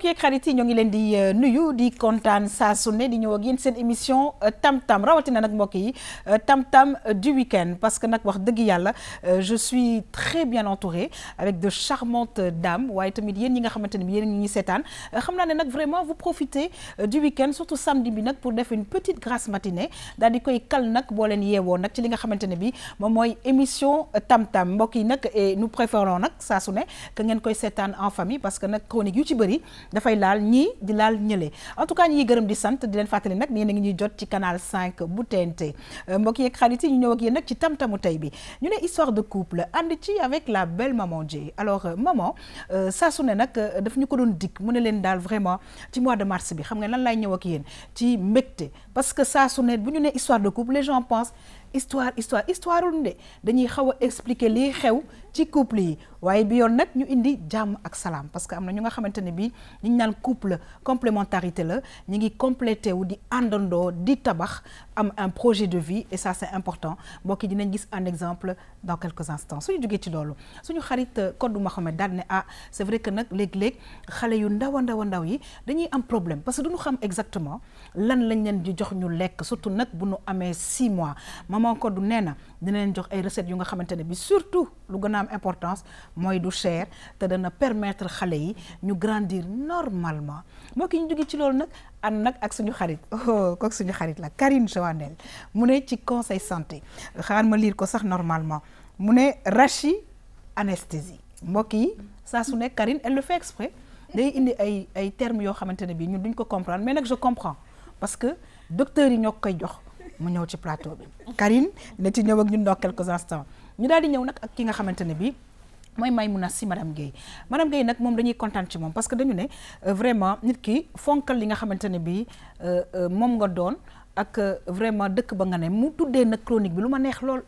mbokk yeeg xarit yi ngi leen di euh, nuyu di contane sa su di ñëw ak yeen seen émission tam-tam euh, rawatina nag mbokk yi tam-tam euh, du week-end parce que nak wax deug yalla je suis très bien entouré avec de charmantes dames waaye tamit yeen yi nga xamante yeen bi ñi sétane xam naa nak vraiment vous profitez du week-end surtout samedi bi nak pour def une petite grasse matinée dal di koy kal nak bo leen yeewoo nak ci li nga xamante bi mom moy émission tam-tam mbokk yi nag et nous préférons nak sa su que ngeen koy sétane en famille parce que nak chronique yu ci bëri fay laal ñi di laal en tout cas ñi ngi di sante di len fatali nak ni a ngi jot ci canal 5 bu TNT mbokk ak xarit yi ñu ñëw ak yéen ci tam-tamu bi ñu né histoire de couple and ci avec la belle maman djé alors maman sa su n'a que daf ñu ko doon dik mu né len dal vraiment ci mois de mars bi xam nga lan lay ñëw ak yéen ci mbégte parce que ça su ne bu ñu né histoire de couple les gens pensent histoire histoire histoire lu de dañuy xawa expliquer li xew ci couple yi waaye bi yoon nag ñu indi jàmm ak salam parce que am ñu nga xamante bi ñu naan couple complémentarité la ñi ngi compléter wu di andando di tabax am un projet de vie et ça c'est important mbokk di nañ gis un exemple dans quelques instants suñu jógee ci lolu suñu xarit Kodou euh, Mohamed dal ne ah c'est vrai que nak lég lég xalé yu ndaw ndaw ndaw yi dañuy am problème parce que duñu xam exactement lan lañ leen di jox ñu lek surtout nak bu ñu amee six mois maman code nee na dina leen jox ay recettes yu nga xamante bi surtout lu am importance moy du cher te dana permettre xalé yi ñu grandir normalement moo ki ñu dugg ci lool nak an nak ak suñu xarit oh kooku suñu xarit la Karine Joannel mu ne ci conseil santé xaar ma lire ko sax normalement mu ne rachi anesthésie mbokk yi saa su ne Karine elle le fait exprès day indi ay ay termes yo xamantene bi ñun duñ ko comprendre mais nak je comprends parce que docteur yi ñoo koy jox mu ñew ci plateau bi Karine ne ci ñew ak ñun dans quelques instants ñu daal di ñëw nag ak ki nga xamante ne bii mooy Maimouna Sy madame Guèye madame Guèye nag moom dañuy kontaan ci moom parce que dañu ne euh, vraiment nit ki fonkal li nga xamante ne bii euh, euh, moom nga doon ak vraiment dëkk ba nga ne mu tuddee nag chronique bi lu ma neex lool.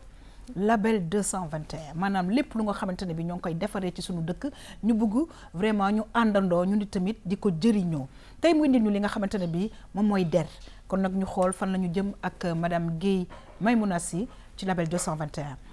label 221 maanaam lépp lu nga xamante ne bi ñoo ngi koy defaree ci suñu dëkk ñu bugg vraiment ñu àndandoo ñu ni tamit di ko jëriñoo tey mu nit ñu li nga xamante ne bi moom mooy der kon nag ñu xool fan la ñu jëm ak madame Guèye Maimouna Sy ci label 221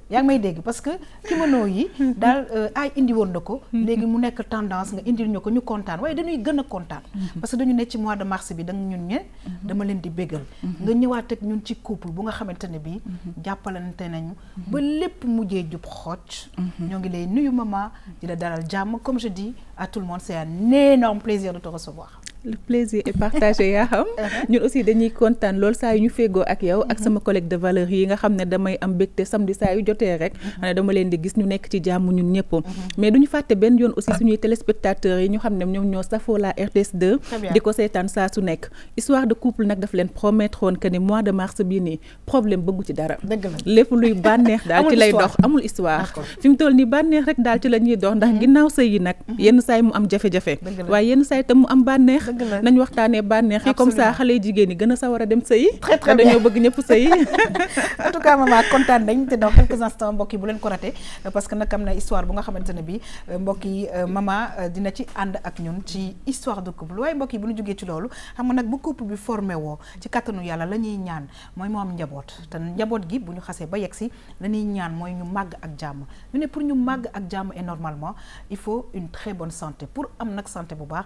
yang may parce que kimono yi euh, ay indi mm-hmm. mu nek tendance nga indi ñu contane way dañuy gëna a mm-hmm. parce que dañu ci mois de mars bi da ñun ñe mm-hmm. dama leen di bégal nga ñëwaat ak ñun ci couple bu nga xamantene ne jappalante nañu ba lepp ngi lay nuyu dalal comme je dis à tout le monde c'est un énorme plaisir de te recevoir le plaisir est partagé yaa xam uh-huh. ñun aussi dañuy kontaan lool saa ñu fego ak yow ak uh-huh. sama collègue de valeur yi nga xam ne damay am bégte samedi saa yu jotee rek xanaa uh-huh. dama leen di gis ñu nekk ci jamm ñun ñëpp mais duñu fàtte ben yoon aussi suñuy téléspectateurs yi ñu xam ñom ñoo safo la RTS2 diko sétane sa su nekk histoire de couple nak daf leen promettre woon que ni mois de mars bi ni problème bëggu ci dara lépp luy bànneex dal ci lay dox amul histoire fi toll ni bànneex rek dal ci lañuy dox ndax ginnaw sëy yi nak yenn saay mu am jafé jafé waaye yenn saay tam mu am bànneex nañ comme ça très bien bëgg ñëpp en tout cas maman contane vous té dans quelques instants mbokk bu leen ko parce que nak am une histoire bu nga maman dina ci and ak histoire de couple way mbokk bu ñu joggé ci lolu xam nga nak bu couple bi formé wo ci yalla lañuy ñaan moy am gi bu ñu ba ñaan ñu pour ñu mag ak normalement il faut une très bonne santé pour am santé bu baax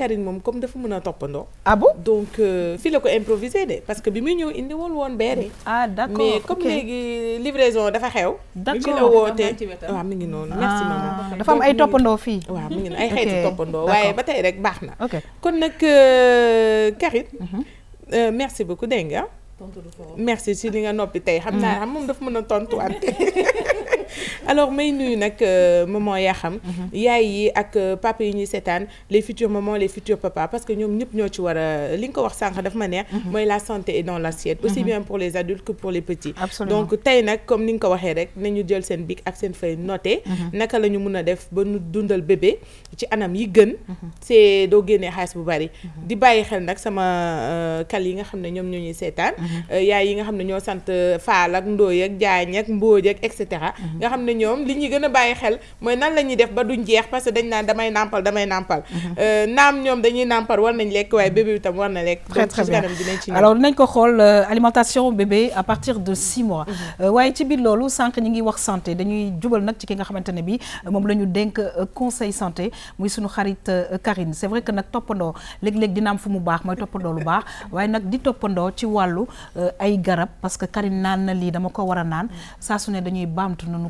Karine moom comme dafa mën topando ah bon donc euh, fii la ko improvisé de parce que bi muy ñew indi wol won beere. ah d'accord. mais comme légui livraison dafa xew. D'accord. accord la woté wa mi ngi ah, merci maman dafa am ay topando fi wa mi ngi ay xeeti topando waye ba tey rek baxna na. kon Carine. Euh, Karine. Mhm. Euh, merci beaucoup dégg nga merci si li nga nopi tay xam mhm. naa mom dafa mën a tontuwaat. alors may nuyu nak euh, maman mhm. yaa yayi ak euh, papa yi ñuy seetaan les futurs mamans les futurs papas parce que ñom ñep ñoo ci war a li nga ko wax sank daf ma neex moy mhm. la santé est dans l'assiette aussi mhm. bien pour les adultes que pour les petits Absolument. donc tay nak comme ni nga ko waxee rek nañu jël sen bic ak sen feuille noter naka lañu mëna def ba nu dundal bébé ci anam yi gën c'est do génnee xaalis bu bari di bayyi xel nak sama euh, kal yi nga xamné ñom ñoom ñoo ñuy seetaan yaay nga xamné ne ñoo sant faal ak ndoy ak jaay ak mbóoj ak etc nga xamné ñom li ñi gëna bayyi xel moy nan lañuy def ba duñ jeex parce que dañ naan damay nampal damay nampal mhm. euh nam ñom dañuy nampal war nañ lek way bébé tam war na lekk très très bien dinañ ci alors nañ ko xol euh, alimentation bébé à partir de 6 mois mhm. euh, waaye ci biir lolu sank ñi ngi wax santé dañuy jubal nak ci ki nga xamantene bi euh, mom lañu ñu dénk conseil santé muy suñu xarit Karine c'est vrai que nak topando léeg-léeg dina am fu mu baax moy topando lu baax waaye nak di topando ci walu ay garab parce que Karine nan na li dama ko wara nan sa mhm. saa su ne dañuy bamtu nanu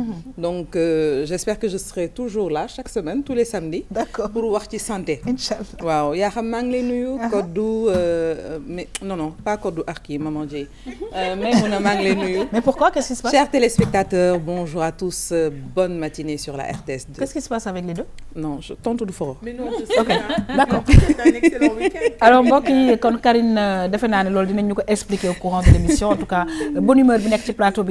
Mhm. donc euh, j'espère que je serai toujours là chaque semaine tous les samedis. d'accord pour voir santé. Uh-huh. Euh, mais non non pas maman euh, mais a mais pourquoi qu'est-ce qui se passe. chers téléspectateurs bonjour à tous bonne matinée sur la RTS2. qu'est-ce qui se passe avec les deux. non je tente du mais d'accord. alors bon qui, Karine expliquer au courant de l'émission en tout cas bonne humeur plateau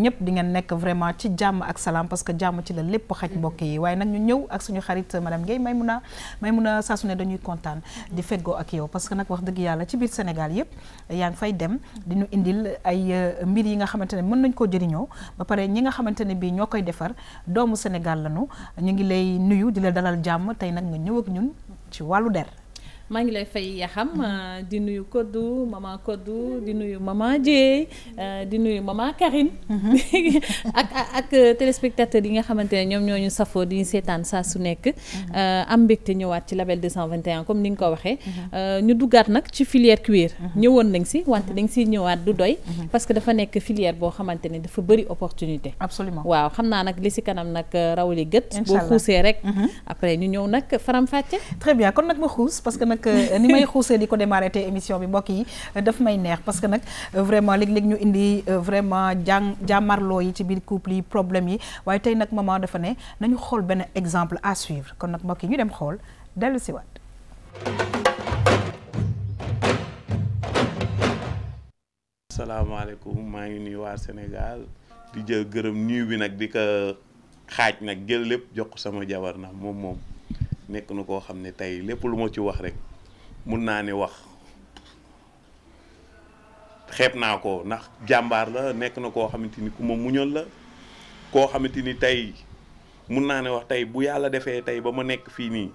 ñëpp di ngeen nekk vraiment ci jamm ak salam parce que jamm ci la lépp xaj mbokk yi waaye nag ñu ñëw ak suñu xarit madame Guèye Maymuna Maymuna saa su ne dañuy kontaan di feggoo ak yow parce que nag wax dëgg yàlla ci biir Sénégal yëpp yaa ngi fay dem di ñu indil ay euh, mbir yi nga xamante ne mën nañ koo jëriñoo ba pare ñi nga xamante ne bii ñoo defar doomu Sénégal lañu ñu ngi lay nuyu di la dalal jàmm tey nag nga ñëw ak ñun ci wàllu der maa ngi lay fay Yaxam mm-hmm. euh, di nuyu Kodou maman Kodou di nuyu maman Dieye euh, di nuyu maman Karine. Mm-hmm. ak ak téléspectateurs yi nga xamante ne ñoom ñoo safoo di ñu seetaan saa su nekk. Mm-hmm. Euh, am mbégte ñëwaat ci label 221 comme ni nga ko waxee. ñu duggaat nag ci filière cuir. ñëwoon nañ si wante dañ siy ñëwaat du doy. parce que dafa nekk filière boo xamante ne dafa bëri opportunité. absolument waaw xam naa nag li si kanam nag rawli gët. boo xuusee rek. après ñu ñëw nag faram fàcce. très bien kon nag ma xuus parce que nag nag euh, ni may xuusee di ko démarrer te émission bi mbokk yi euh, dafa may neex parce que nag euh, vraiment léeg-léeg ñu indi vraiment jàng jàmmarloo yi ci biir couple yi problème yi waaye tey nag maman dafa ne nañu xool benn exemple à suivre kon nag mbokk yi ñu dem xool dellu si waat salaamaaleykum maa ngi nuyu waar Sénégal di jël gërëm nuyu bi nag di ko xaaj nag jël lépp jox sama jabar nag moom moom nekk na koo xam ne tey lépp lu ma ci wax rek mun naa ne wax xeeb naa ko ndax jàmbaar la nekk na koo xamante ni ku ma muñal la koo xamante ni tey mun naa ne wax tey bu yàlla defee tey ba ma nekk fii nii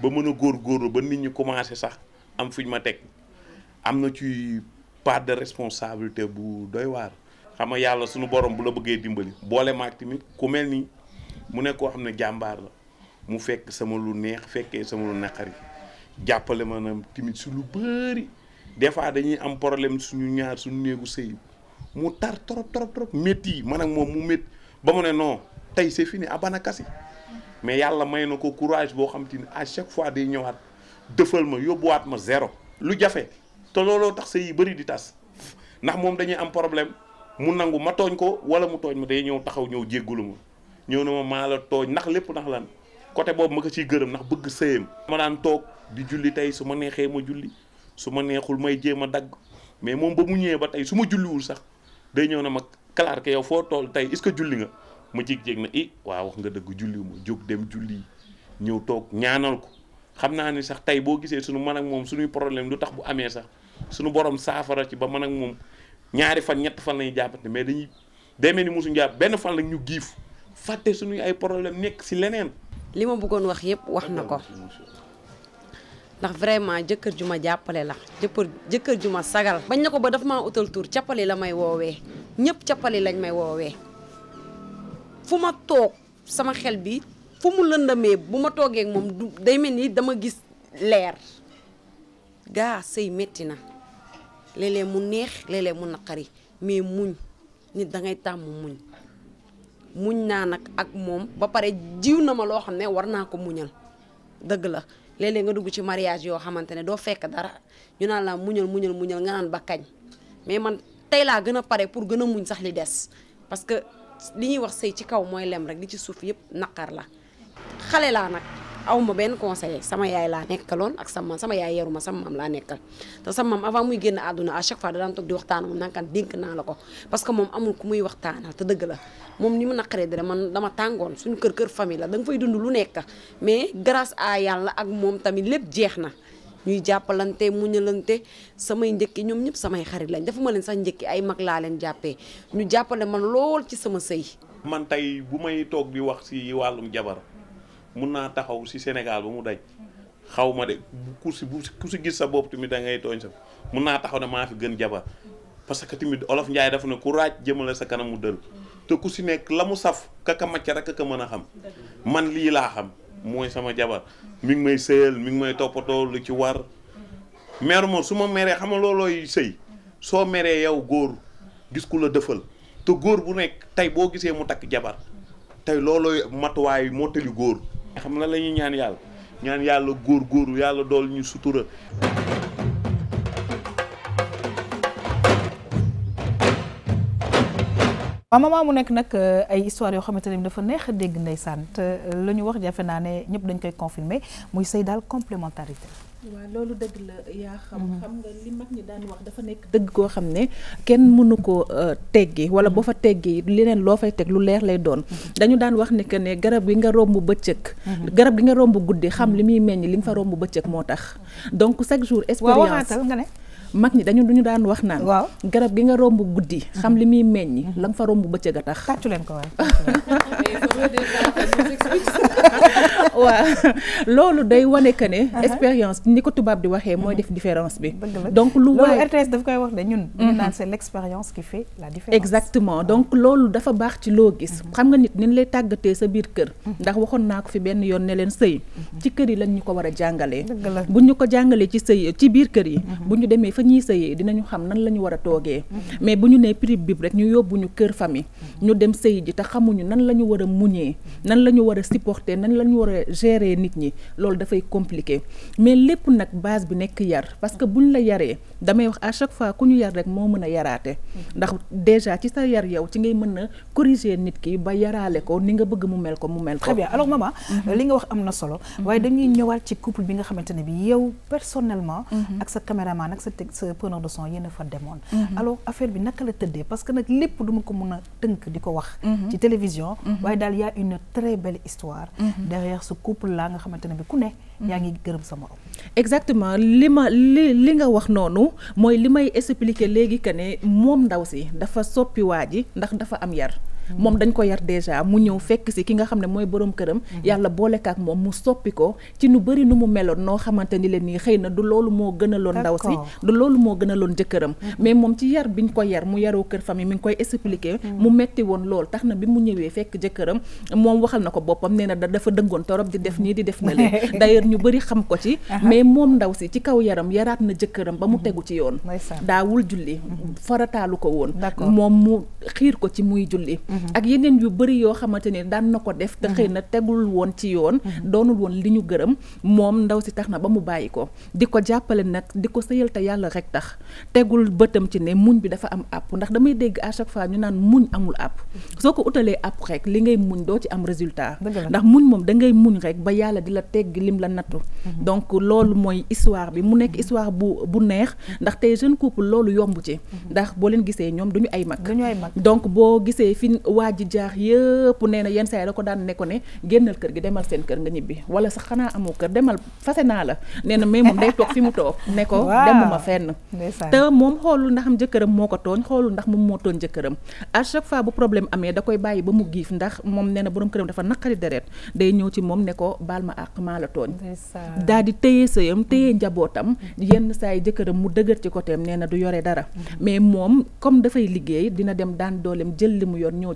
ba mën a góorlu ba nit ñi commencé sax am fuñ ma teg am na ci part de responsabilité bu doy waar. xam nga yàlla sunu borom bu la bëggee dimbali boole maag ku mel nii mu nekk koo xam ne jàmbaar la mu fekk sama lu neex fekkee sama lu naqari. jàppale manam timit su lu bëri des fois dañuy am problème suñu ñaar suñu néegu sey mu tar trop trop trop metti man ak mom mu met ba mo ne non tay c'est fini abana kasi mais yalla may na ko courage bo xam tin à chaque fois day ñëwaat defal ma yobuat ma zéro. lu jafé, to lolo tax sey yi di tas ndax mom dañuy am problème mu nangu ma togn ko wala mu togn ma day ñëw taxaw ñëw jéggalu ma ñëw na ma mala togn nak lepp nak lan côté bobu ma ko ci gëreum nak bëgg seyem ma nan tok di julli tay suma nexé neexee ma julli suma nexul may jema dag mais mom ba mu ba tay suma julli wul sax day ñëw na ma que yow fo tol tay est ce que julli nga ma na i waaw nga deug julli mu jog dem julli ñëw tok ñaanal ko xamna ni sax tay bo gisé suñu man ak mom suñu problème lu tax bu amé sax suñu borom safara ci ba man ak mom ñaari fan ñett fan lay jappati mais dañuy démé ni musu jàpp ben fan lañ ñu giif fàtte suñuy ay problème nek lima lenen lima ma bëggoon wax yépp wax na ndax vraiment jëkkër juma jappalé la jëppër jëkkër juma sagal bañ nako ba daf ma utal tur ciapalé la may wowe ñëpp ciapalé lañ may wowe fuma tok sama xel bi fumu mu lëndamee bu ma toogee ak mom day melni dama gis lèr ga sey metti na léeg mu neex lélé mu naqari mais muñ nit da ngay tam muñ muñ na nak ak mom ba paré jiw na ma loo ko muñal deug léeg nga dugg ci mariage yoo xamante ne doo fekk dara ñu naan la muñal muñal muñal nga naan ba kañ mais man tey laa gën a pare pour gën a muñ sax li des parce que li ñuy wax sëy ci kaw mooy lem rek li ci suuf yëpp naqar la xale laa nag aw ma benn conseil sama yaay laa nekkaloon ak sama sama yaay yaruma sama maam laa nekkal te sama maam avant muy génn àdduna à chaque fois da daan di waxtaan nankan dénk naa ko parce que moom amul ku muy waxtaanal te dëgg la moom ni mu naqaree dara man dama tàngoon suñu kër kër famille la da nga lu nekk mais grâce à yàlla ak moom tamit lépp jeex na ñuy jàppalante muñalante samay njëkki ñoom ñëpp samay xarit lañ dafa leen sax njëkki ay mag laa leen jàppee ñu jàppale man lool ci sama sëy man tey bu may toog di wax si wàllum jabar mun naa taxaw si Sénégal ba mu daj xaw ma de ku si ku si gis sa bopp tamit da ngay tooñ sa mun naa taxaw ne maa fi gën jabar parce que tamit olof Njaay dafa ne ku raaj jëmale sa kanam mu dël te ku si nekk la mu saf kaka macca rek ak mën a xam man lii laa xam mooy sama jabar mi ngi may sëyal mi ngi may toppatoo lu ci war mer moom su ma meree xam loolooy sëy soo meree yow góor gis ku la dëfal te góor bu nekk tey boo gisee mu takk jabar tey loolooy matuwaay moo góor xam na la ñuy ñaan yàlla ñaan yàlla góor góor yàlla dool ñu sutura waaw mu nekk nag euh, ay histoire yoo xamante ne dafa neex a dégg ndeysaan te euh, la ñu wax jafe naa ne ñëpp dañ koy confirmer muy sëy daal complémentarité waa loolu dëgg la yaa xam mm-hmm. xam nga li mag ñi daan wax dafa nekk dëgg koo xam ne kenn mënu ko euh, teggi wala boo fa li mm-hmm. neen loo fay teg lu leer lay doon mm-hmm. dañu daan wax ne que ne garab gi nga romb bëccëg garab gi nga romb guddi xam li muy meññ li nga fa romb bëccëg moo tax donc chaque jour expérience nga ne mag ñi dañu duñu daan wax naan waaw garab gi nga romb guddi xam li muy meññi mhm. la fa romb bëccëg ga tax tàccu leen ko waay waaw loolu day wane que ne uh-huh. expérience ni ko tubaab di waxee mooy mhm. def différence bi donc lu waay RTS daf koy wax de ñun ñu mhm. naan c'est l'expérience qui fait la différence exactement donc loolu dafa baax ci loo gis xam nga nit ni lay tàggatee sa biir kër ndax waxoon naa ko fi benn yoon ne leen sëy ci kër yi lañ ñu ko war a jàngalee bu ñu ko jàngalee ci sëy ci biir kër yi bu ñu demee fa ñuy sëyee dinañu xam nan la ñu war a toogee mais bu ñu nee prix bib rek ñu yóbbu ñu kër famille ñu dem sëy ji te xamuñu nan la ñu war a muñee nan la ñu war a supporter nan la ñu war a gérer nit ñi loolu dafay compliqué mais lépp nag base bi nekk yar parce que buñ la yaree damay wax a chaque fois ku ñu yar rek moo mën a yaraate ndax déjà ci sa yar yow ci ngay mën a corriger nit ki ba yaraale ko ni nga bëgg mu mel ko mu mel ko très bien alors maman mhm. li nga wax am na solo mhm. waaye dañuy ñëwaat ci couple bi nga xamante ne bi yow ce preneur de son yéen fa demoon mhm. alors affaire bi nakala teudé parce que nak lepp duma ko a diko di wax mhm. ci télévision mhm. waaye il y a une très belle histoire derrière ce couple là nga xamantene ne bi ku ne yaa ngi sa morom exactement li li nga wax noonu moy limay expliquer légui que ne moom ndaw si dafa soppi waa ndax dafa am yar Mm-hmm. moom dañ ko yar déjà mu ñëw fekk si ki nga xam ne mooy boroom këram mm-hmm. yàlla boole ak moom mu soppi ko ci nu bëri nu mu meloon noo xamante ni leen nii xëy na du loolu moo gënaloon ndaw si du loolu moo gënaloon jëkkëram mm-hmm. mais moom ci yar biñ ko yar mu yaroo kër famille mi ngi koy expliquer mu metti woon lool tax na bi mu ñëwee fekk jëkkëram moom waxal na ko boppam nee na da dafa dëggoon torop di def nii di def na leen d'ailleurs ñu bëri xam ko ci uh-huh. mais moom ndaw si ci kaw yaram yaraat na jëkkëram ba mu tegu ci yoon daawul julli farataalu ko woon moom mu xiir ko ci muy julli ak yeneen yu bëri yoo xamante ne daan na ko def te xëy na tegul woon ci yoon doonul woon li ñu gërëm moom ndaw si tax na ba mu bàyyi ko di ko jàppale nag di ko sëyal te yàlla rek tax tegul bëtam ci ne muñ bi dafa am àpp ndax damay dégg à chaque fois ñu naan muñ amul àpp soo ko utalee àpp rek li ngay muñ doo ci am résultat ndax muñ moom da ngay muñ rek ba yàlla di la tegg lim la nattu mhm. donc loolu mooy histoire bi mu nekk mhm. histoire bu bu neex mhm. ndax tey jeune couple loolu yomb ci waa ji jaar yëpp nee na yenn saa yi da ko daan ne ko ne génnal kër gi demal seen kër nga ñibbi wala sax xanaa amoo kër demal fase naa la nee na mais moom day fi mu toog ne ko demuma fenn te moom xoolul ndax am jëkkëram moo ko tooñ xoolul ndax moom moo tooñ jëkkëram à chaque fois bu problème amee da bàyyi ba mu giif ndax moom nee na borom këram dafa naqari deret day ñëw ci moom ne ko baal ma àq maa la tooñ daal di téye sëyam téye njabootam yenn saa yi jëkkëram mu dëgër ci côtéem nee na du yore dara mm-hmm. mais moom comme dafay liggéey dina dem daan dooleem jël li mu yoon ñëw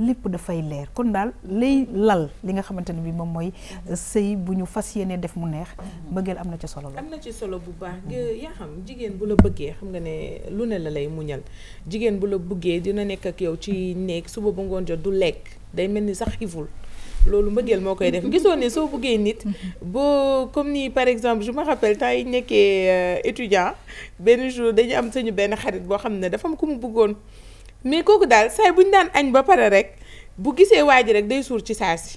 lépp dafay leer kon daal lay lal li nga xamante ne bi moom mooy sëy bu ñu fas yéenee def mu neex mbëggeel am na ci solo am na ci solo bu baax nga yaa xam jigéen bu la bëggee xam nga ne lu ne la lay muñal jigéen bu la bëggee dina nekk ak yow ci néeg suba bu ngoon du lekk day mel ni sax xiful loolu mbëggeel moo koy def gisoo ne soo nit Bo comme ni par exemple je me rappelle temps yi nekkee euh, étudiant benn jour dañu am sañu benn xarit boo xam ne dafa am ku mu mais kooku daal say bu ñu daan añ ba pare rek bu gisee waa ji rek day suur ci saa si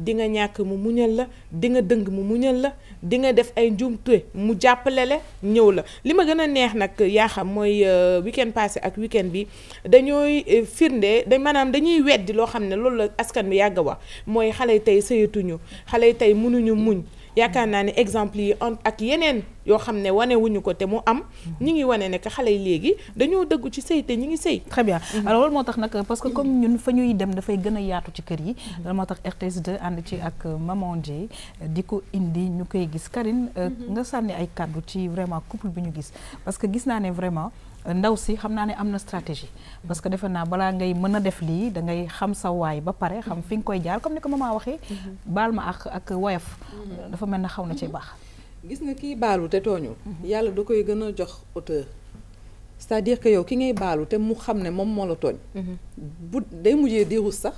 di nga ñàkk mu muñal la di nga dëng mu muñal la di nga def ay njuumte mu jàppale le ñëw la li ma gën a neex nag yaa xam mooy euh, weekend passé ak weekend bi dañooy euh, firnde da maanaam dañuy weddi loo xam ne loolu la askan bi yàgg wa mooy xale yi tey sëyatuñu xale yi tey mënuñu muñ yaakaar naa ne exemple yi on ak yeneen yoo xam ne wane wuñu ko te mu am ñi ngi wane ne que xale yi léegi dañoo dëggu ci sëy te ñi ngi sëy très bien alors loolu moo tax nag parce que comme ñun fa ñuy dem dafay gën a yaatu ci kër yi loolu moo tax RTS 2 ànd ci ak mamon Ndiaye di ko indi ñu koy gis Karine euh, mhm. nga sànni ay kàddu ci vraiment couple bi ñu gis parce que gis naa ne vraiment ndaw si xam naa ne am na stratégie parce que defe naa balaa ngay mën a def lii dangay xam sa waay ba pare xam fi nga koy jaar comme ni ko maman waxee baal ma ak ak woyof dafa mel na xaw na ci baax gis nga kii baalu te tooñu yàlla da koy gën a jox auteur cest à yow ki ngay baalu te mu xam ne moom moo la tooñ bu day mujjee diirus sax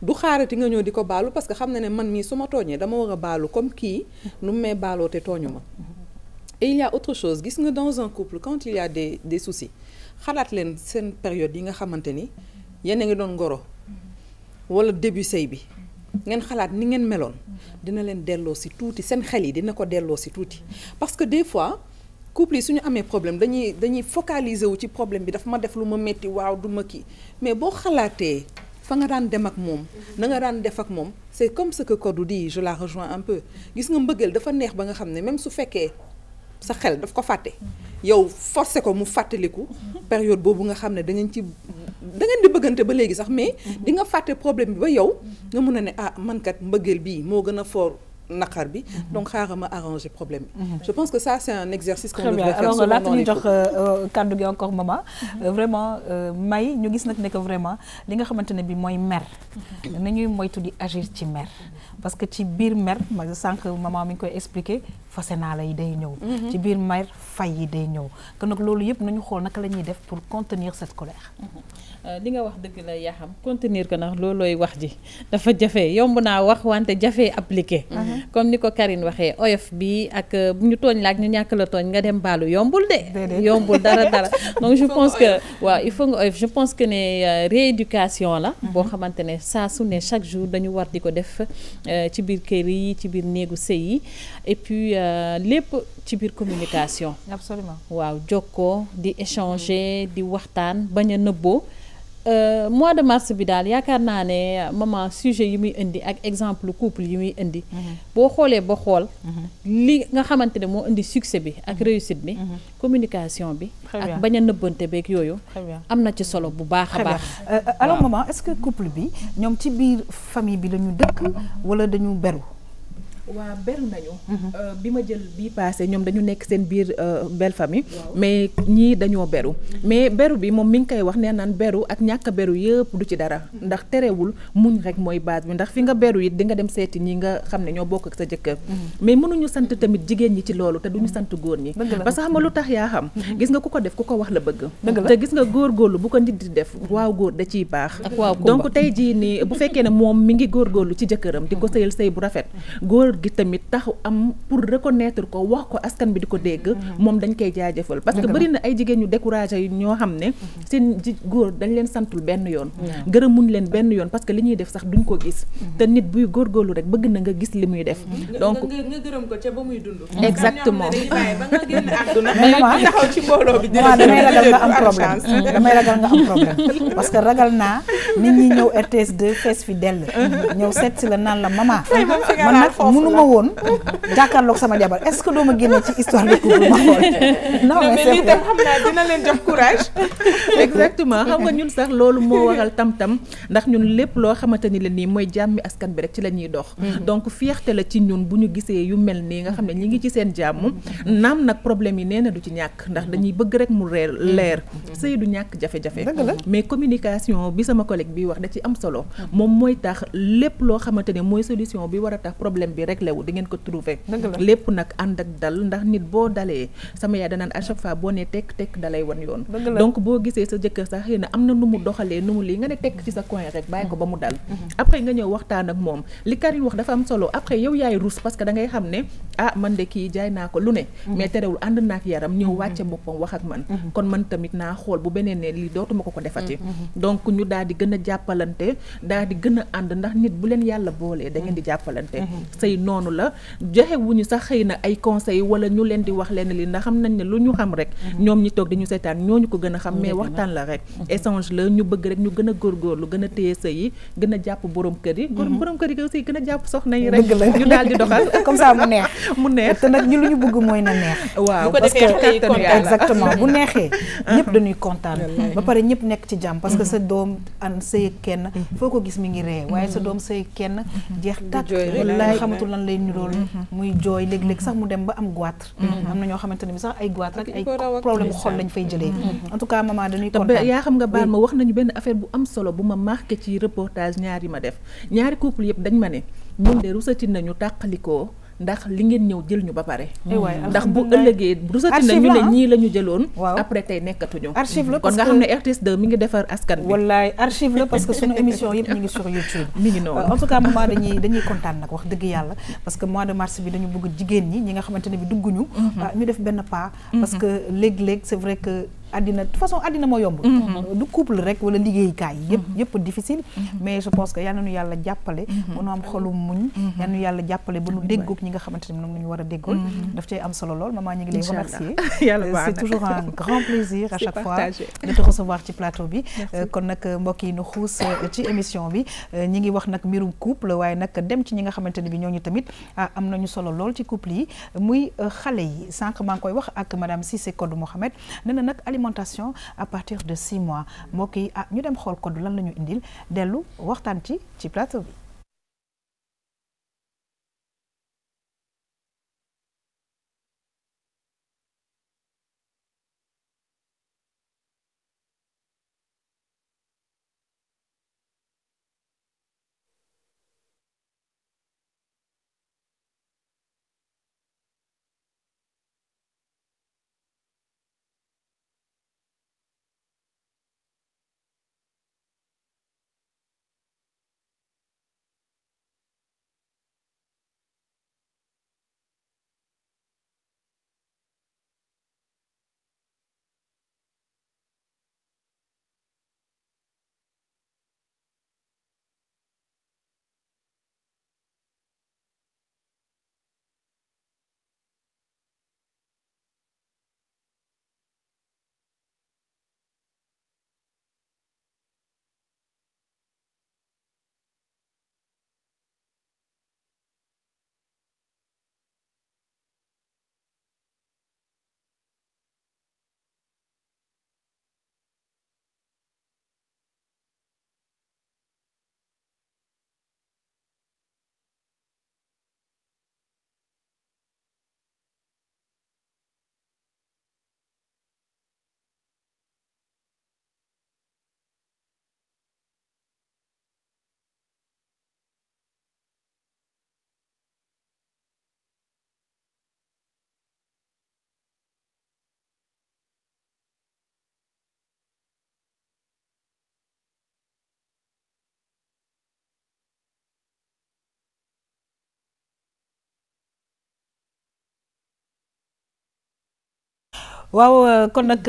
du xaarati nga ñëw di ko baalu parce que xam na ne man mii su ma tooñee dama war a baalu comme kii nu mu may baaloo te tooñu ma et il y a autre chose gis nga dans un couple quand il y a des des soucis xalaat len sen période yi nga xamanteni ni nga a ngi doon ngoro wala début sëy bi ngeen xalaat ni ngeen meloon dina len delloo ci touti sen xel yi dina ko delloo ci touti parce que des fois couple yi suñu amé problème dañuy dañuy focaliser wu ci problème bi daf ma def luma metti waw duma ki mais bo xalaatee fa nga daan dem ak mom na nga daan def ak mom c'est comme ce que Codou dit je la rejoins un peu gis nga mbëggeel dafa neex ba nga xamné même su fekkee sa xel daf ko fàtte yow forcé ko mu fàttaliku période boobu nga xam ne da ngeen ci da ngeen di bëggante ba léegi sax mais mm-hmm. di nga fàtte problème bi ba yow nga mun a ne ah man kat mbëggeel bii moo gën a fort Mhm. donc rarement arranger problème mhm. je pense que ça c'est un exercice qu'on devrait faire euh, euh, maman. Mhm. Euh, vraiment ñu gis que vraiment li nga bi nañuy agir parce que ci bir mer ma maman mi expliquer day mer fay que pour contenir cette colère. Euh, li nga wax dëgg la yaa xam contenir ko ndax loolooy wax ji dafa jafe yomb naa wax wante jafe appliqué. Mhm. comme ni ko Karine waxee oyof bi ak euh, bu ñu tooñ laak ñu ñàkk la tooñ nga dem baalu yombul de. yombul dara dara donc je pense que waaw il faut nga oyof je pense que ne euh, rééducation la. Mhm. boo xamante ne saa su ne chaque jour dañu war di ko def ci biir kër yi ci biir néegu sëy yi et puis lépp ci biir communication. absolument waaw jokkoo di échanger di waxtaan bañ a nëbboo. Euh, mois de mars bi daal yaakaar naa maman sujet yi muy indi ak exemple couple yi muy indi. Mhm. bo xolé bo xol mhm. li nga xamantene mo indi succès bi ak mhm. réussite bi. communication bi. ak baña neubante bek beeg amna ci solo bu baax baax. Euh, euh, alors maman est-ce que couple bi ñom ci biir famille bi lañu dëkk wala dañu beru. waa nañu. Mhm. Euh, bi ma jël bii paase ñoom dañu nekk seen biir euh, belle famille. mais ñii dañoo beru. Mhm. mais beru bi moom mi ngi koy wax nee naan beru ak ñàkk a yëpp du ci dara. Mhm. ndax terewul muñ rek mooy base bi ndax fi nga beru it di nga dem seeti ñi nga xam ne ñoo bokk ak sa jëkkër. mais mënuñu sant tamit jigéen ñi ci loolu te duñu sant góor ñi. parce lu tax yaa xam. gis nga ku ko def ku ko wax la bëgg. te gis nga góorgóorlu bu ko nit di def waaw góor da ciy tey jii nii bu fekkee ne moom mi ngi góorgóorlu ci jëkkëram di ko sëyal sëy bu rafet góor gi tamit tax am pour reconnaître ko wax ko askan bi di ko dégg moom dañ koy jaajëfal parce que bëri na ay jigéen ñu découragé ñoo xam ne mhm. seen ji góor dañ leen santul benn yoon mhm. gërëmuñ leen benn yoon parce que li ñuy def sax duñ ko gis mhm. te nit buy góorgóorlu rek bëgg na nga gis li muy def donc nga gërëm ko ca ba muy dund exactement ba nga génn àdduna taxaw ci mbooloo bi waaw damay ragal nga am problème damay ragal nga am problème parce que ragal naa nit ñi ñëw RTS 2 fees fi dell ñëw seet si la naan la mama munu ma won woon lok sama jabar est-ce do ma génne ci histoire de couple ma xool. non mais c'est tam xam dina len jox courage. exactement xam nga ñun sax lolu mo waral tam-tam ndax ñun lepp lo xamanteni xamante ni moy jammi askan bi rek ci lañuy dox. Mhm. donc fierté la ci ñun buñu gisé yu melni nga xamné ñi ngi ci seen jamm nam nak problème yi nee du ci ñak ndax dañuy bëgg rek mu reer mhm. lèr seydu ñak jafé jafé mais communication bi sama collègue bi wax da ci am solo. mom moy tax lepp lo xamanteni moy solution bi wara tax problème bi réglé wu di ngeen ko trouver lépp nag andak dal ndax nit boo dalee sama yaay danaan à chaque fois boo ne tek tekk dalay wan yoon donc bo gisee sa jëkkër sax xëy na am na nu mu nga ne tek ci sa coin rek bàyyi ko ba dal mhm. après nga ñëw waxtaan ak mom. li Karine wax dafa am solo après yow yaay rus parce que da ngay xam ah man de kii jaay naa ko lu mhm. mais terewul ànd naa ak yaram ñëw wàcce mhm. boppam wax ak man kon man tamit na xool bu beneen li lii dootuma ko ko defati donc ñu daal di gën a jàppalante di gën a ndax nit bu leen yàlla boolee da ngeen di jàppalante sëy noonu la joxe wuñu sax xëy na ay conseils wala ñu leen di wax leen li ndax xam nañ ne lu ñu xam rek mhm. ñoom ñi toog di ñu ñoo ñu ko gën a xam mais waxtaan la rek mhm. échange la ñu bëgg rek ñu gën a góorgóorlu gën a téye sëy yi gën a jàpp borom kër yi mhm. kër yi aussi gën a jàpp soxna yi rek ñu daal di doxal comme ça mu neex mu neex te nag ñu lu ñu bëgg mooy na neex waaw parce que exactement bu neexee ñëpp dañuy kontaan ba pare ñëpp nekk ci jàmm parce que sa doom an sëy kenn foo ko gis mi ngi ree waaye sa doom sëy kenn lan lay nirool mm-hmm. muy jooy léeg-léeg sax mu dem ba am goitre mm-hmm. am na ñoo xamante ne bi sax ay goitre ak ay problème xol lañ fay jëlee mm-hmm. en tout cas maman dañuy kontaan yaa xam nga baal ma wax nañu benn affaire bu am solo bu ma marqué ci reportage ñaar ma def ñaari couple yëpp dañ ma ne ñun de rusati nañu tàqalikoo ndax li ngeen ñëw jël ñu ba pare. Mm. ndax bu ëllëgee rusati na ñu ne ah. ñii la ñu jëloon. après tey nekkatuñu. archive la mm-hmm. kon nga xam ne RTS2 mi ngi defar askan bi. parce que sunu émission yëpp mi ngi sur YouTube. mi ngi noonu euh, en tout dañuy dañuy nag wax dëgg yàlla parce que mois de mars bi dañu bëgg jigéen ñi ñi nga xamante ne bi dugguñu. Mm-hmm. Euh, ñu def benn pas. Mm-hmm. parce que léeg-léeg c'est vrai que. àddina façon àddina moo yomb mm-hmm. du couple rek wala liggéeykaay yëpp mm-hmm. yëpp difficile mm-hmm. mais je pense que yal na nu yàlla jàppale ba nu am xolu muñ yal na yàlla jàppale ba nu déggoog ñi nga xamante ne moom la ñu war a déggoon daf cay am solo lool maman ñu ngi lay remercier euh, c'est toujours un grand bi euh, kon nag euh, mbokk yi nu xuus ci émission bi ñi ngi wax nag mbirum couple waaye nag dem ci ñi nga xamante ne bi ñooñu tamit ah, am nañu solo lool ci couple yi muy xale yi sànq maa ngi koy wax ak madame Cissé Kodou Mohamed nee na nag à partir de 6 mois ah, a waaw kon nag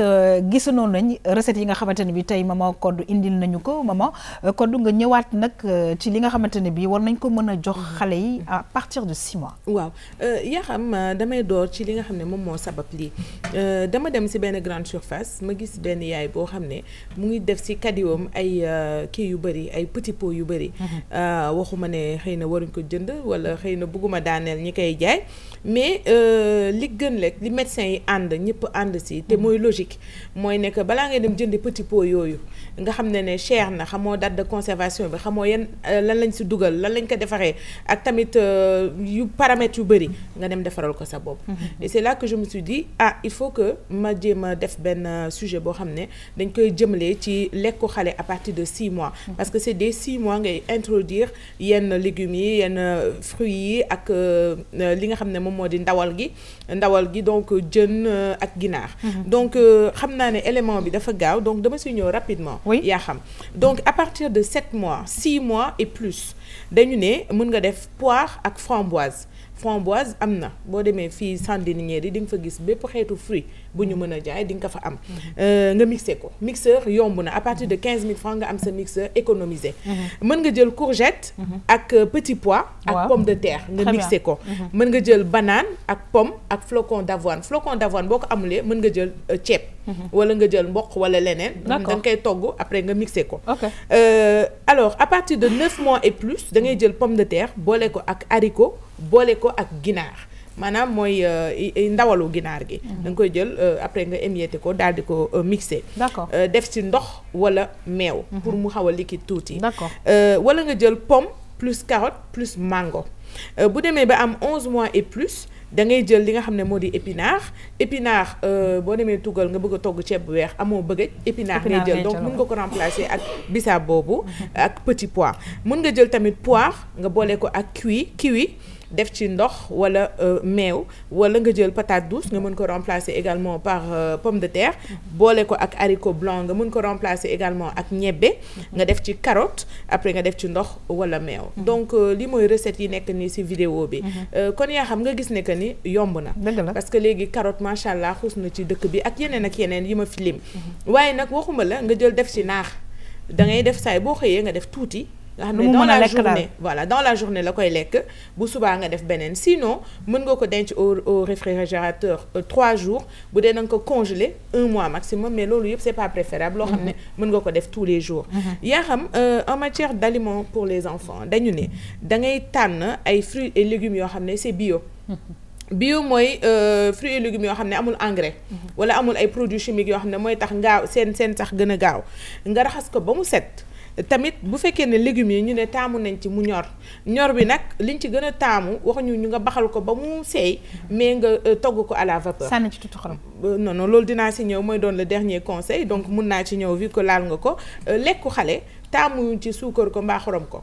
gisu noonu nañ recette yi nga xamante ne bi tey maman Codou indil nañu ko ma ma Codou nga ñëwaat nag ci li nga xamante ne bi war nañ ko mën a jox mm-hmm. xale yi à partir de six mois waaw euh, yaa xam damay door ci li nga xam ne moom moo sabab lii euh, dama dem si benn grande surface ma gis benn yaay boo xam ne mu ngi def si kadiwam ay euh, kii yu bëri ay petits pots yu bëri mm-hmm. waxuma ne xëy na waruñ ko jënd wala xëy na bugguma daaneel ñi koy jaay mais euh, li gën lekk li médecin yi ànd ñëpp ànd si te mm. mooy logique mooy nekk balaa ngay dem jëndi petit pot yooyu nga xam ne ne cher na xamoo date de conservation bi xamoo yan euh, lan lañ si dugal lan lañ ko defaree ak tamit euh, yu paramètres yu bëri nga dem defaral ko sa bopp. Mm-hmm. et c'est là que je me suis dit ah il faut que ma jéem a def benn euh, sujet boo xam ne dañ koy jëmale ci lekku xale à partir de six mois. Mm-hmm. parce que c'est des six mois ngay introduire yenn légumes yi yenn fruits yi ak li nga xam ne moom moo di ndawal gi ndawal gi donc jën ak ginaar. Mm-hmm. donc xam naa ne élément bi dafa gaaw donc dama si ñëw rapidement oui donc à partir de 7 mois 6 mois et plus dañu né mën nga def poire ak framboise framboise il y boo di fa gis fruit jaay di euh, nga mixeur à partir de 15 francs nga am sa mixeur économisé mhm. mën nga courgette mhm. ak euh, petit pois ak pomme de terre nga mixé ko mhm. mën nga jël banane ak pomme ak flocon d'avoine flocon d'avoine vous amulé mën nga jël euh, wala nga jël ou wala lenen da après nga mixé ko alors à partir de 9 mois et plus da jël pomme de terre bolé ko ak haricot bolé ko ak ginar manam moy euh, ndawalu ginar gi. Mhm. dang koy jël euh, après nga émietté ko dal di ko euh, mixer d'accord def ci ndox wala mew mhm. pour mu xaw a liquide tuuti. d'accord wala nga jël pomme plus carotte plus mango. bu démé ba am 11 mois et plus da ngay jël li nga xamné modi moo épinard épinard bo démé tougal nga bëgg togg ci bu weex amo bëgg épinard ngay jël donc mën nga ko remplacer ak bisaab bobu mhm. ak petit pois mën nga jël tamit poire nga bolé ko ak kiwi kiwi def ci ndox wala euh, meew wala nga jël patate douce nga mën ko remplacer également par euh, pomme de terre boole ko ak haricot blanc nga mën ko remplacer également ak ñebbe nga def ci carotte après nga def ci ndox wala meew mhm. donc euh, li mooy recette yi vidéo bi mhm. kon yaa xam nga gis ne que ni yomb parce que léegi carotte machallah ci dëkk bi ak yeneen ak yeneen yi ma fi lim mhm. waxuma la nga jël def ci naax da ngay def ah, dans la journée voilà dans la journée la koy lekk bu subaa nga def beneen sinon mën nga ko denc au au réfrigérateur euh, trois jours bu dee na nga ko congeler un mois maximum mais loolu c'est pas préférable loo xam ne mm-hmm. nga ko def tous les jours mm-hmm. yaa xam euh, en matière d'aliments pour les enfants dañu ne da ngay tànn ay fruits et légumes yoo xam c'est bio mm-hmm. bio mooy euh, fruits et légumes yo xamné amul engrais wala amul ay produits chimiques yo xamné moy tax n'ga sen sen tax gëna a gaaw nga raxas ko ba mu set tamit bu fekkee ne légumes yi ñu ne taamu nañ ci mu ñor ñor bi nag liñ ci gën a taamu wax ñu ñu nga baxal ko ba mu seey mais nga euh, togg ko à la vapeur. sànni ci tuuti xorom. Euh, non loolu dinaa si ñëw mooy doon le dernier conseil donc mun naa ci ñëw vu que laal nga ko euh, lekku xale taamu ci suukar ko mbaa xorom ko.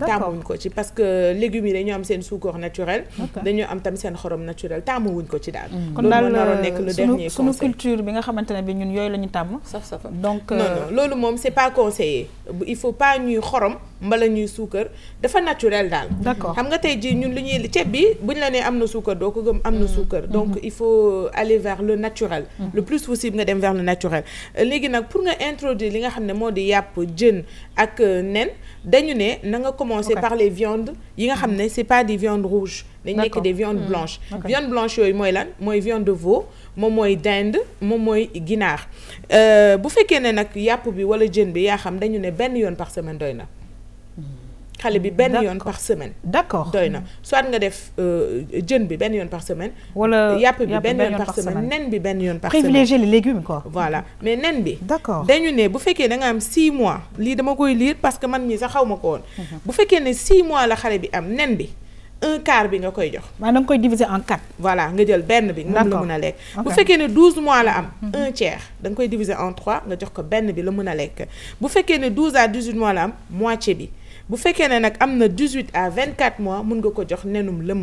taamuwuñ ko ci parce que légumes yi ñu am seen sucre naturel dañu am tam seen xorom naturel taamuwuñ ko ci daal mm. kon daal naroon nekk le euh, dernier suñu culture bi nga xamantene bi ñun yoy lañu tam tàmm saf donc non euh, non lolu mom c'est pas conseillé il faut pas ñuy xorom mbala ñuy suukar dafa naturel dal d'accord xam nga tay ji ñun lu ñuy bi buñ la né am na sucre, doo ko gëm am na mm. sucre. Mm-hmm. donc il faut aller vers le naturel mm-hmm. le plus possible nga dem vers le naturel euh, légui nak pour nga introduire li nga xamné modi yap jeun ak nen dañu né na nga commencer par les viandes yi nga xamné c'est pas des viandes rouges dañ nek des viandes hmm. blanches viande blanche yoy mooy lan mooy viande de veau mom moy dinde moy mooy euh bu fekkee ne nag yàpp bi wala jën bi ya xam dañu né ben yoon par semaine doyna bi par semaine. d'accord doy na soit nga def euh, jën bi par semaine. wala yàpp bi benn yoon par semaine nen bi par semaine. les légumes quoi. voilà mais nen bi. d'accord dañu bu nga mois. lii dama parce que man mii sax xaw ma mhm. bu fekkee mois la xale bi nen bi. un quart bi nga koy jox. diviser en quatre. voilà nga jël bi. douze mois la mhm. un tiers en trois bi bu douze à dix mois la moitié bu fekkee ne nag am na 18 à 24 mois mun nga ko jox nenum lëmm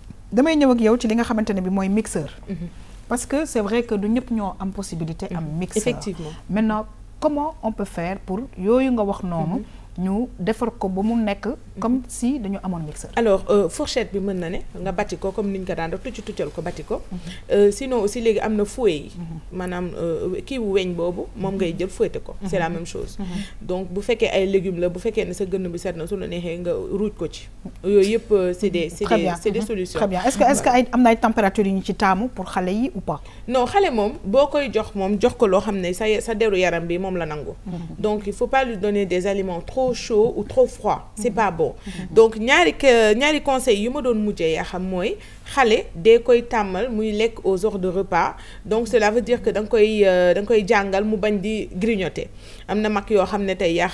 damay vais ak yow ci li nga xamante mixeur. Mhm. parce que c'est vrai que nous avons ñoo possibilité am mhm. mixeur. effectivement maintenant comment on peut faire pour yooyu nga wax dit, nous defar comme ba mu que comme mhm. si dañu amoon mixeur alors euh, fourchette bi mën na ne nga bati ko comme nous ñu ko daan tout tucc tuccal ko bati ko mhm. euh, sinon aussi les amener fouet madame qui vous wu bobo boobu moom ngay mhm. fouette fouetté c'est la même chose donc vous bu que ay légumes le bu fekkee ne sa gagne bi set na su la neexee nga coach ko ci yooyu euh, c'est des c'est des c'est des solutions très bien est-ce que est-ce que amener température une ñu ci pour xale ou pas non xale mom beaucoup de jox mom jox ko loo xam ne sa ça yaram bi mom la nangu donc il faut pas lui donner des aliments trop chaud ou trop froid c'est pas bon donc ñaari ñaari conseil que je doon donne, yaa xam mooy dès dee koy tamal, muy aux heures de repas donc cela veut dire que dans nga koy il euh, nga koy jàngal mu bañ di grignoter am na mag ya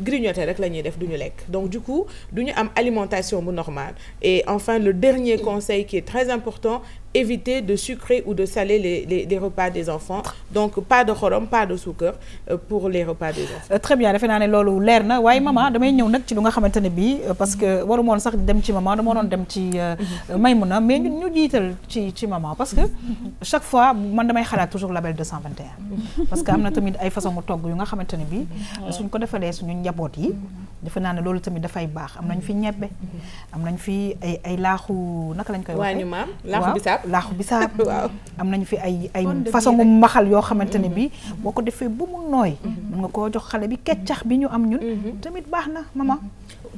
grignoter rek la def duñu donc du coup duñu am alimentation bu normale et enfin le dernier conseil qui est très important éviter de sucrer ou de saler les, les, les repas des enfants donc pas de xorom pas de sucre euh, pour les repas des enfants. Euh, très bien defe naa ne loolu leer na maman damay ñëw nag ci lu nga xamante euh, parce que mhm. waru moon sax dem ci maman dama doon dem ci mhm. Maïmouna mais ñu ñu jiital ci ci maman parce que mhm. chaque fois man damay xalaat toujours label 221. parce que am na tamit ay façon mu togg yu nga xamante ne bii suñ ko defalee suñu njaboot yi. defe naa ne loolu tamit dafay baax am nañ fi mm-hmm. ñebbe mm-hmm. am nañ fi ay ay laaxu naka lañ koy waxee maam laaxu bisaab laaxu bisaab am nañ fi ay ay façon mbaxal yoo xamante ne mm-hmm. bi boo ko defee bu mu nooy mën nga koo jox xale bi keccax bi ñu am ñun tamit baax na mama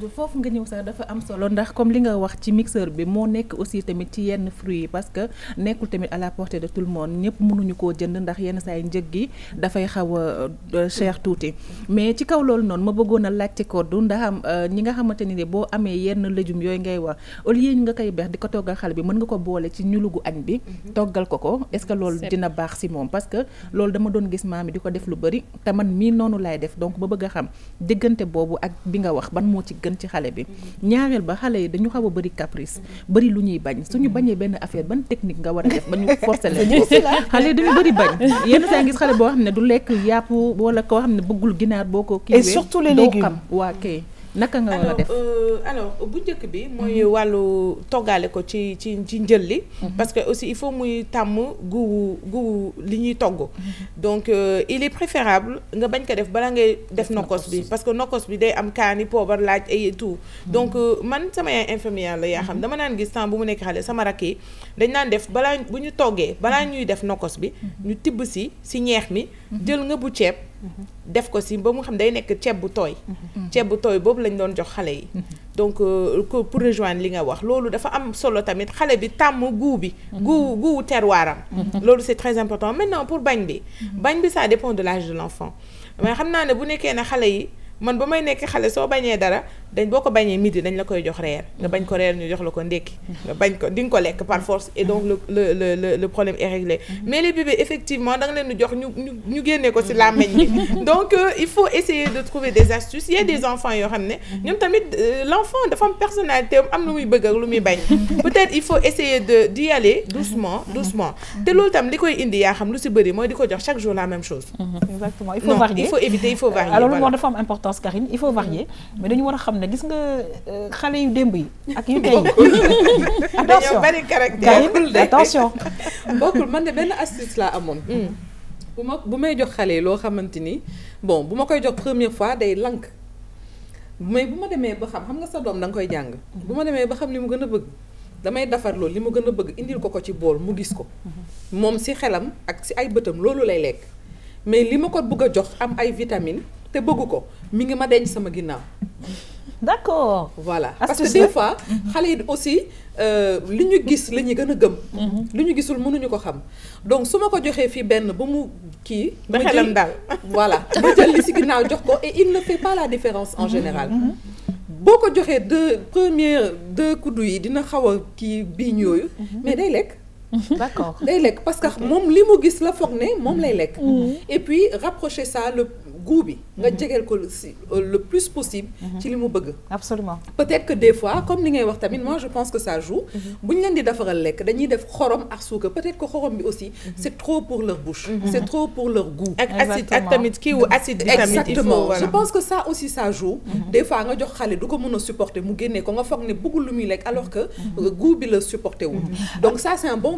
foofu nga ñëw sax dafa am solo ndax comme li nga wax ci mixeur bi moo nekk aussi tamit ci yenn fruits yi parce que nekkul tamit à la portée de tout le monde ñëpp mënuñu koo jënd ndax yenn saa yi njëg gi dafay xaw a euh, cher tuuti mais ci kaw loolu noonu ma bëggoon a laajte koddu ndax am euh, ñi nga xamante ni boo amee yenn légumes yooyu ngay wax au lieu nga koy bex di ko toggal xale bi mën nga ko boole ci ñulugu añ bi mhm. toggal ko ko est-ce que loolu dina baax si moom parce que loolu dama doon gis maam yi di ko def lu bëri te man mii noonu laay def donc ba bëgg a xam diggante boobu ak bi nga wax ban moo ci gën ci xale bi ñaareel ba xale yi dañu xaw a bëri caprice bëri lu ñuy bañ suñu bañee benn affaire ban technique nga war a def ba ñu forcer leen xale yi dañu bëri bañ yenn saa ngis xale boo xam ne du lekk yàpp wala koo xam ne bëggul ginaar boo ko kiiwee et surtout les légumes waa kay naka nga war a def euh, alors bu njëkk bi moy walu togalé ko ci ci ci njël mhm. parce que aussi il faut muy tam gu gu li ñuy togg mhm. donc euh, il est préférable nga bañ ko def bala ngay def nokos bi parce que nokos bi day am kani pobar laaj et tout mhm. donc euh, man sama yaay infirmière la ya xam dama naan gis temps bu mu nekk xale sama rakk yi dañ naan def bala bu ñu toggee balaa ñuy def nokos bi ñu tibb ci si ñeex mi jël nga bu ceeb def ko si ba mu xam day nekk ceeb bu tooy. Mhm. ceeb bu tooy boobu lañ doon jox xale yi. Mhm. donc euh, pour rejoindre li nga wax loolu dafa am solo tamit xale bi tàmm guu bi. Mhm. guu guuwu terroiram. loolu c'est très important maintenant pour bañ bi. bañ bi ça dépend de l'âge de l'enfant mais xam naa ne bu nekkee ne xale yi man ba may nekk xale soo dara dañ boko ko midi dañ la koy jox reer nga bañ ko reer ñu jox la ko ndéki nga bañ ko di ko lek par force et donc le le le le problème est réglé mais les bébés effectivement da nga leen di jox ñu ñu génné ko ci meñ bi donc euh, il faut essayer de trouver des astuces il y a des enfants yo xamné ñom tamit euh, l'enfant dafa am personnalité am lu muy bëgg ak lu muy bañ peut-être il faut essayer de d'y aller doucement doucement té lool tam likoy indi ya xam lu ci bëri moy diko jox chaque jour la même chose exactement il faut varier il faut éviter il faut varier alors le monde dafa am importance Karine il faut varier mm. mais dañu wara xam xam gis nga euh, xale yu démb yi ak yu tey attention bari caractère attention bokkul man de benn astuce laa amoon hmm. bu ma bu may jox xale yi loo xamante ni bon bu ma koy jox première fois day lank mais bu ma demee ba xam xam nga sa doom da nga koy jàng hmm. bu ma demee ba xam li mu gën a bëgg damay defar loolu li mu gën a bëgg indil ko ko ci bool mu gis ko hmm. moom si xelam ak si ay bëtam loolu lay lekk mais li ma ko bëgg a jox am ay vitamine te bëgg ko mi ngi ma denc sama ginnaaw d'accord voilà parce que des fois Khalid aussi euh, gis gëm mhm. donc su je ko ben, kii voilà Je li si et il ne fait pas la différence en mhm. général mhm. Beaucoup deux première deux dina mais Mhm. d'accord parce que mon li mu gis la foog mon lay mhm. et puis rapprocher ça le goût bi. nga mhm. euh, le plus possible. ci li mu absolument peut-être que des fois comme ni ngay wax tamit moi je pense que ça joue. Buñ len di dafaral lekk dañuy def xorom ak peut-être que xorom bi aussi c'est trop pour leur bouche. c'est trop pour leur goût. ak acide ak tamit ki ou acide. exactement je pense que ça aussi ça joue. des fois nga jox xalé du ko mëna supporter mu génné ko nga fogné ne bëggul lu muy alors que goût bi le supporter wu. donc ça c'est un bon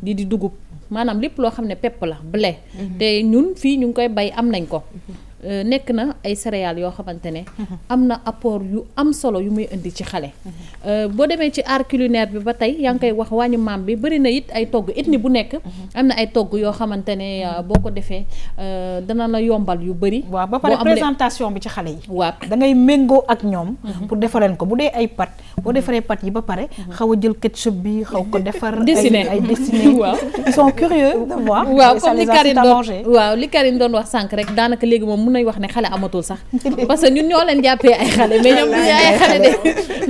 di di dugub maanaam lépp loo xam ne pepp la blé. Mhm. te ñun fii ñu ngi koy bay am nañ ko. Mhm. Euh, nek na ay céréales yo xamantene mhm. amna apport yu am solo yu muy indi ci xalé mhm. euh bo démé ci art culinaire bi ba tay yang kay wax wañu mam bi bari na yit ay togg itni bu nek mhm. amna ay togg yo xamantene euh, boko défé euh dana la yombal yu bari wa ba paré présentation bi ci xalé yi wa da ngay mengo ak ñom pour defaleen ko budé ay pat bo defaree pat yi ba paré xawa jël ketchup bi xaw ko defar dessiné ay dessiné wa ils sont curieux de voir wa comme li Karine doon waaw li Karine don wax sank rek danaka légui mom mun wax ne xale amatul sax parce que ñun ñoo leen jàppee ay xale mais ñoom duñu ay xale de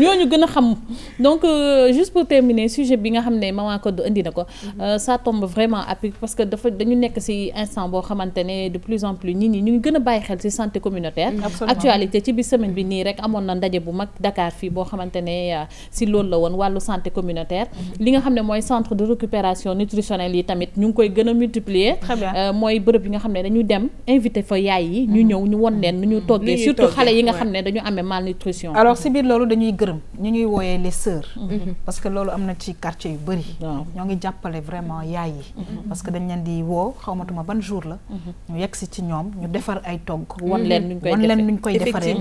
ñooñu gën a xam donc euh, juste pour terminer sujet bi nga xam ne maman ko indi na ko mhm. euh, ça tombe vraiment à pic parce que dafa dañu nekk ci instant boo xamante ne de plus en plus nit ñi ñu ngi gën a bàyyi xel ci santé communautaire mhm. actualité ci bi semaine bi nii rek amoon na ndaje bu mag Dakar fii boo xamante ne euh, ci loolu la woon wàllu santé communautaire mhm. li nga xam ne mooy centre de récupération nutritionnelle yi tamit ñu ngi koy gën a multiplier mooy bërëb yi nga xam ne dañu dem invité fa yaay yi ñu ñëw ñu won leen nu ñu mm. toggee surtout xale yi nga xam ne dañu amee malnutrition alors si biir loolu dañuy gërëm ñu ñuy wooyee les mm-hmm. Mm-hmm. parce que loolu am na ci quartier yu bëri ñoo ngi jàppale yaay yi mm-hmm. parce que dañ leen di woo xawmatuma ban jour la ñu yegg si ci ñoom ñu defar ay togg won leen nuñ koy defaree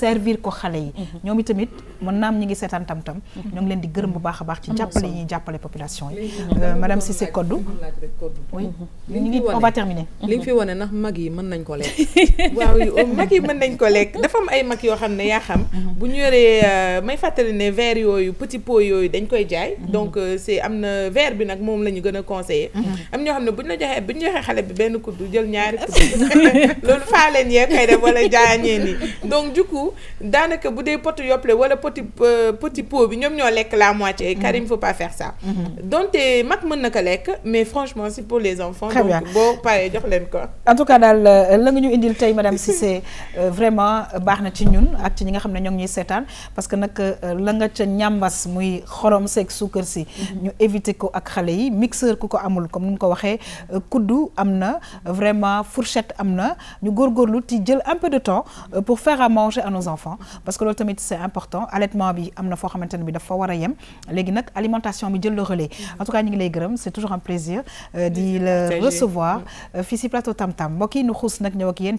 servir ko xale yi ñoom itamit mën naam ñi ngi seetaan tam tam ñoo ngi leen di gërëm bu baax a baax ci jàppale yi ñuy jàppale population yi euh, madame Cissé waaw yu oh, mag yi mën nañ ko lekk dafa am ay mag yoo xam ne yaa xam mhm. bu ñu yoree euh, may fàttali ne verre yooyu petit pot yooyu dañ koy jaay mhm. donc euh, c'est am na verre bi nag moom la ñu gën a conseillé mhm. am ñoo xam ne bu ñu la joxee bu ñu joxee xale bi benn kuddu jël ñaari kuddu loolu faaleen yee kay def wala jaañeen yi donc du coup daanaka bu dee potu yople wala petit euh, petit pot bi ñoom ñoo lekk la moitié Karim faut pas faire ça donte mag mën na ko lekk mais franchement c'est pour les enfants donc boo paree jox leen ko en tout cas daal la nga ñu indi ñu madame Cissé euh, vraiment euh, baax na ci ñun ak ci ñi nga xam ne ñi sétane parce que nak euh, la nga ci ñambas muy xorom seeg suukar si. Mm-hmm. ñu éviter ko ak xalé yi mixeur ku ko amul comme ni ko waxé kuddu amna vraiment fourchette amna ñu gorgorlu ci jël un peu de temps pour faire à manger à nos enfants parce que loolu tamit c'est important allaitement bi amna fo foo bi dafa war yem légui nak alimentation bi jël le relais mm-hmm. en tout cas ñi ngi lay gërëm c'est toujours un plaisir de le recevoir fii si plateau Tam Tam mbokk nu xuus nak ñëw ak yéen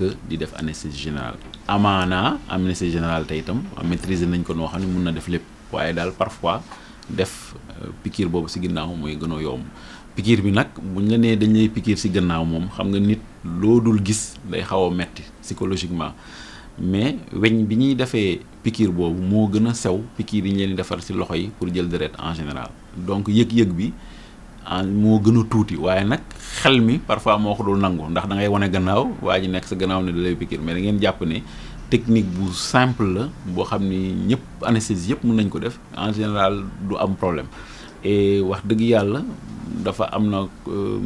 que di def anesthésie générale amana anesthésie générale tay tam maîtriser nañ ko no xamni ne na def lepp waye dal parfois def euh, pikiir bobu si ginnaw moy gën yom yomb bi nak buñ la né dañ lay pikiir si ginnaw mom xam nga nit lodul gis day xaw metti psychologiquement mais weñ bi ñuy defee pikiir boobu moo gën sew pikiir yi ñu leen defar si loxo pour jël deret en général donc yëg-yëg bi. ah moo gën a tuuti waaye nag xel mi parfois moo ko dul nangu ndax dangay ngay wane gannaaw waa ji nekk sa gannaaw ne da lay pikiir mais ngeen jàpp ne technique bu simple la boo xam ni ñëpp anesthésie yëpp mën nañ ko def en général du am problème et wax dëgg yàlla dafa am na euh,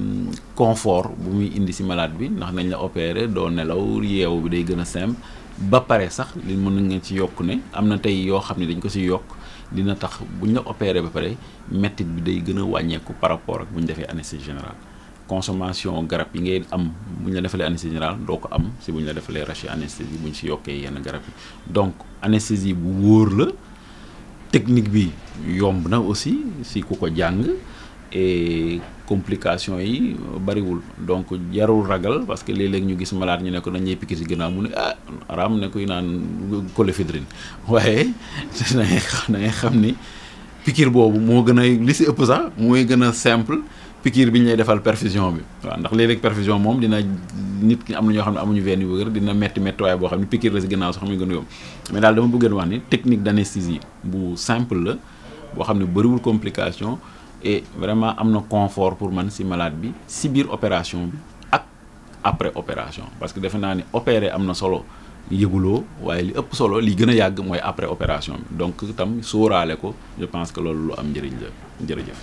confort bu muy indi ci malaat bi ndax nañ la opérer doo nelaw yeewu bi day gën a simple ba pare sax li mën nga ci yokk ne am na tey yoo xam ne dañ ko ci yokk dina tax bu la opéré ba paré mettit bi day gëna a par rapport ak bu défé anesthésie générale consommation garab yi ngay am bu la defalee anesthésie générale doo ko am si bu la defalee raché anesthésie buñ ci si yenn garab yi donc anesthésie bu wóor la technique bi yomb na aussi si ku ko jang et complication yi bari wul donc jarul ragal parce que léeg-léeg ñu gis malade ñu ne ko dañuy pikki si ginnaaw mu ne ah araam ne kuy naan colifidrine waye da ngay da ngay xam ni pikiir boobu moo gën li ci ëpp sax mooy gën simple pikiir bi ñu lay defal perfusion bi wa ndax léeg perfusion mom dina nit ki am na ñoo xam amuñu veine yu wër dina metti méttiwaay boo xam ne pikiir la si ginnaaw sax muy gën a mais dal dama bëggoon wax ni technique d'anesthésie bu simple la bo xamni bari wul complication et vraiment amna confort pour man si malade bi si bir opération bi ak après opération parce que defe naa ni opérer amna solo yëguloo waye li ëpp solo li gën yag moy après opération bi donc itam sóoraale ko je pense que loolu lu am njëriñ la jërëjëf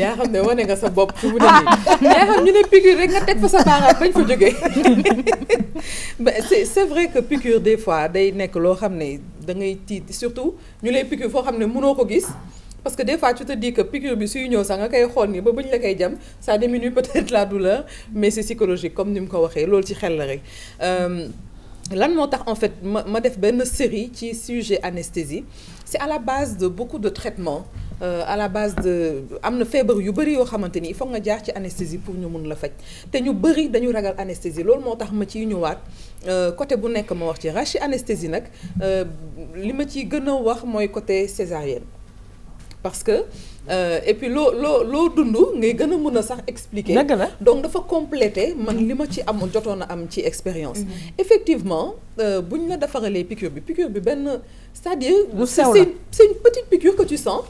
yaa xam ne wane nga sa bopp fi mu ne nii yaa xam ñu ne piqûre rek nga teg fa sa baaraam bañ fa jógee c'est c'est vrai que piqûre des fois day nekk loo xam ne da ngay tiit surtout ñu lay piqûre foo xam ne mënoo ko gis parce que des fois tu te dis que piqûre bi suy ñëw sax nga koy xool nii ba bañ la koy jam ça diminue peut-être la douleur mais c'est psychologique comme ni mu ko waxee loolu ci xel la rek euh, lan moo tax en fait ma ma def benn série ci sujet anesthésie c'est à la base de beaucoup de traitements euh, à la base de amna na yu bëri yo xamanteni ni il faut nga jaar ci anesthésie pour ñu mëna la faj te ñu bëri dañu ragal anesthésie lool motax ma ci ñëwaat euh, côté bu nek ma wax ci rachi anesthésie nak euh li ma ci gëna wax moy côté césarienne parce que euh, et puis l'eau lo nous, nous ngay gëna mëna il faut sax expliquer donc dafa compléter man vais vous ci am petite am ci expérience mm-hmm. effectivement euh, buñ la piqûre bi piqûre bi c'est-à-dire c'est une petite piqûre que tu sens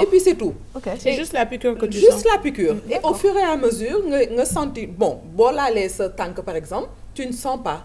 et puis c'est tout c'est juste la piqûre que tu sens juste la piqûre mm-hmm. et au fur et à mesure nga senti. bon voilà laisse tant par exemple tu ne sens pas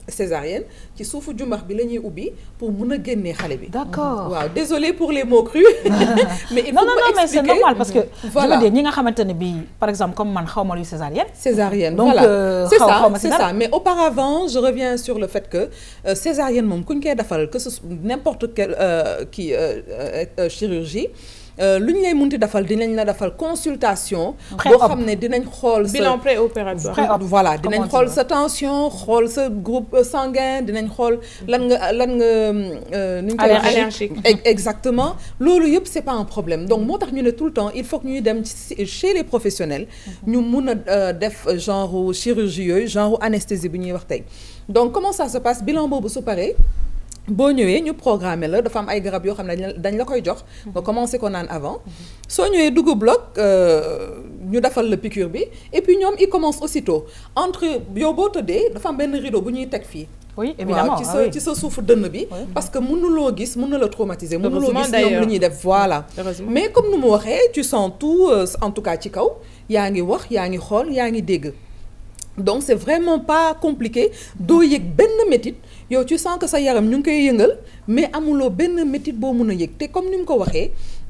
césarienne qui souffre du bi la pour mun a génnee d'accord Waouh, désolé pour les mots crus. mais il faut non non non mais c'est normal parce que. voilà je veux dire ñi par exemple comme man xaw ma césarienne. césarienne voilà euh, c'est ça c'est ça mais auparavant je reviens sur le fait que euh, césarienne que ce n'importe quelle euh, chirurgie. Euh, luñ lay munti defal dinañ la defal consultation. bo xamné ne dinañ xool bilan préopératoire. voilà dinañ xol sa tension xol sa groupe sanguin dinañ xol lan nga lan nga. Euh, nu koy allergique e-, exactement lolu yëpp c'est pas un problème donc motax ñu ne tout le temps il faut que ñuy dem chez les professionnels. Mhm. ñu mëna euh, def genre chirurgie genre anesthésie bi ñuy wax tay donc comment ça se passe bilan bobu su paré bo ñëwee ñu programmer la dafa am ay garab yo xamna dañ la koy jox. Mhm. nga commencé ko naan avant. Mhm. soo ñëwee dugg bloc euh, ñu dafal le piqûre bi et puis ñom ils commencent aussitôt entre yo boo tëddee dafa am benn rideau bu ñuy tek fi oui évidemment ci ah ci sa suufu bi. parce que mënuloo gis mën na la traumatiser. mënuloo gis ñom lu ñuy def voilà. mais comme nu mu waxé tu sens tout euh, en tout cas ci kaw yaa ngi wax yaa ngi xool yaa ngi dégg donc c'est vraiment pas compliqué doo yëg benn une yow tu sens que ça yaram ñu ngi koy yëngal mais amulo ben métit bo de yek yëg te comme ni ko ko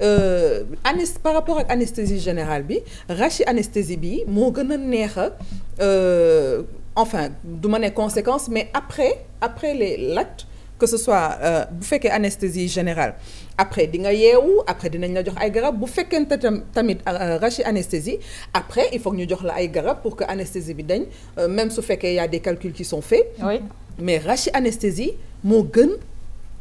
euh anes par rapport ak anesthésie générale bi rachi anesthésie bi mo gëna neex euh enfin du conséquence mais après après les l'acte que ce soit euh, bu fekkee anesthésie générale après di nga yeewu après dinañ la jox ay garab bu fekkente tamit euh, rachi anesthésie après il faut que ñu jox la ay garab pour que anesthésie bi dañ euh, même su il y a des calculs qui sont faits. oui mais rachi anesthésie mo gën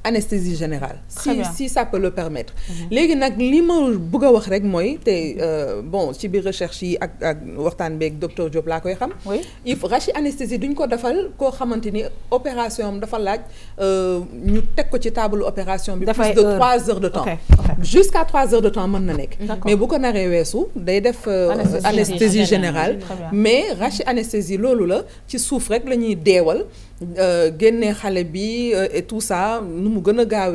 anesthésie générale si si ça peut le permettre mhm. léegi nag li ma bëgg a wax rek mooy te euh, bon ci biir recherche yi ak ak waxtaan docteur Diop laa koy xam il faut rachi anesthésie duñ ko defal koo xamante ni opération am dafa laaj euh, ñu teg ko ci table opération bi plus de trois heures de temps jusqu'à trois heures de temps mën mais beaucoup on naree weesu day def euh, anesthésie générale mais rachi anesthésie loolu la ci souffre, rek la ñuy euh, génné xalé bi euh, et tout ça Nous mu gëna a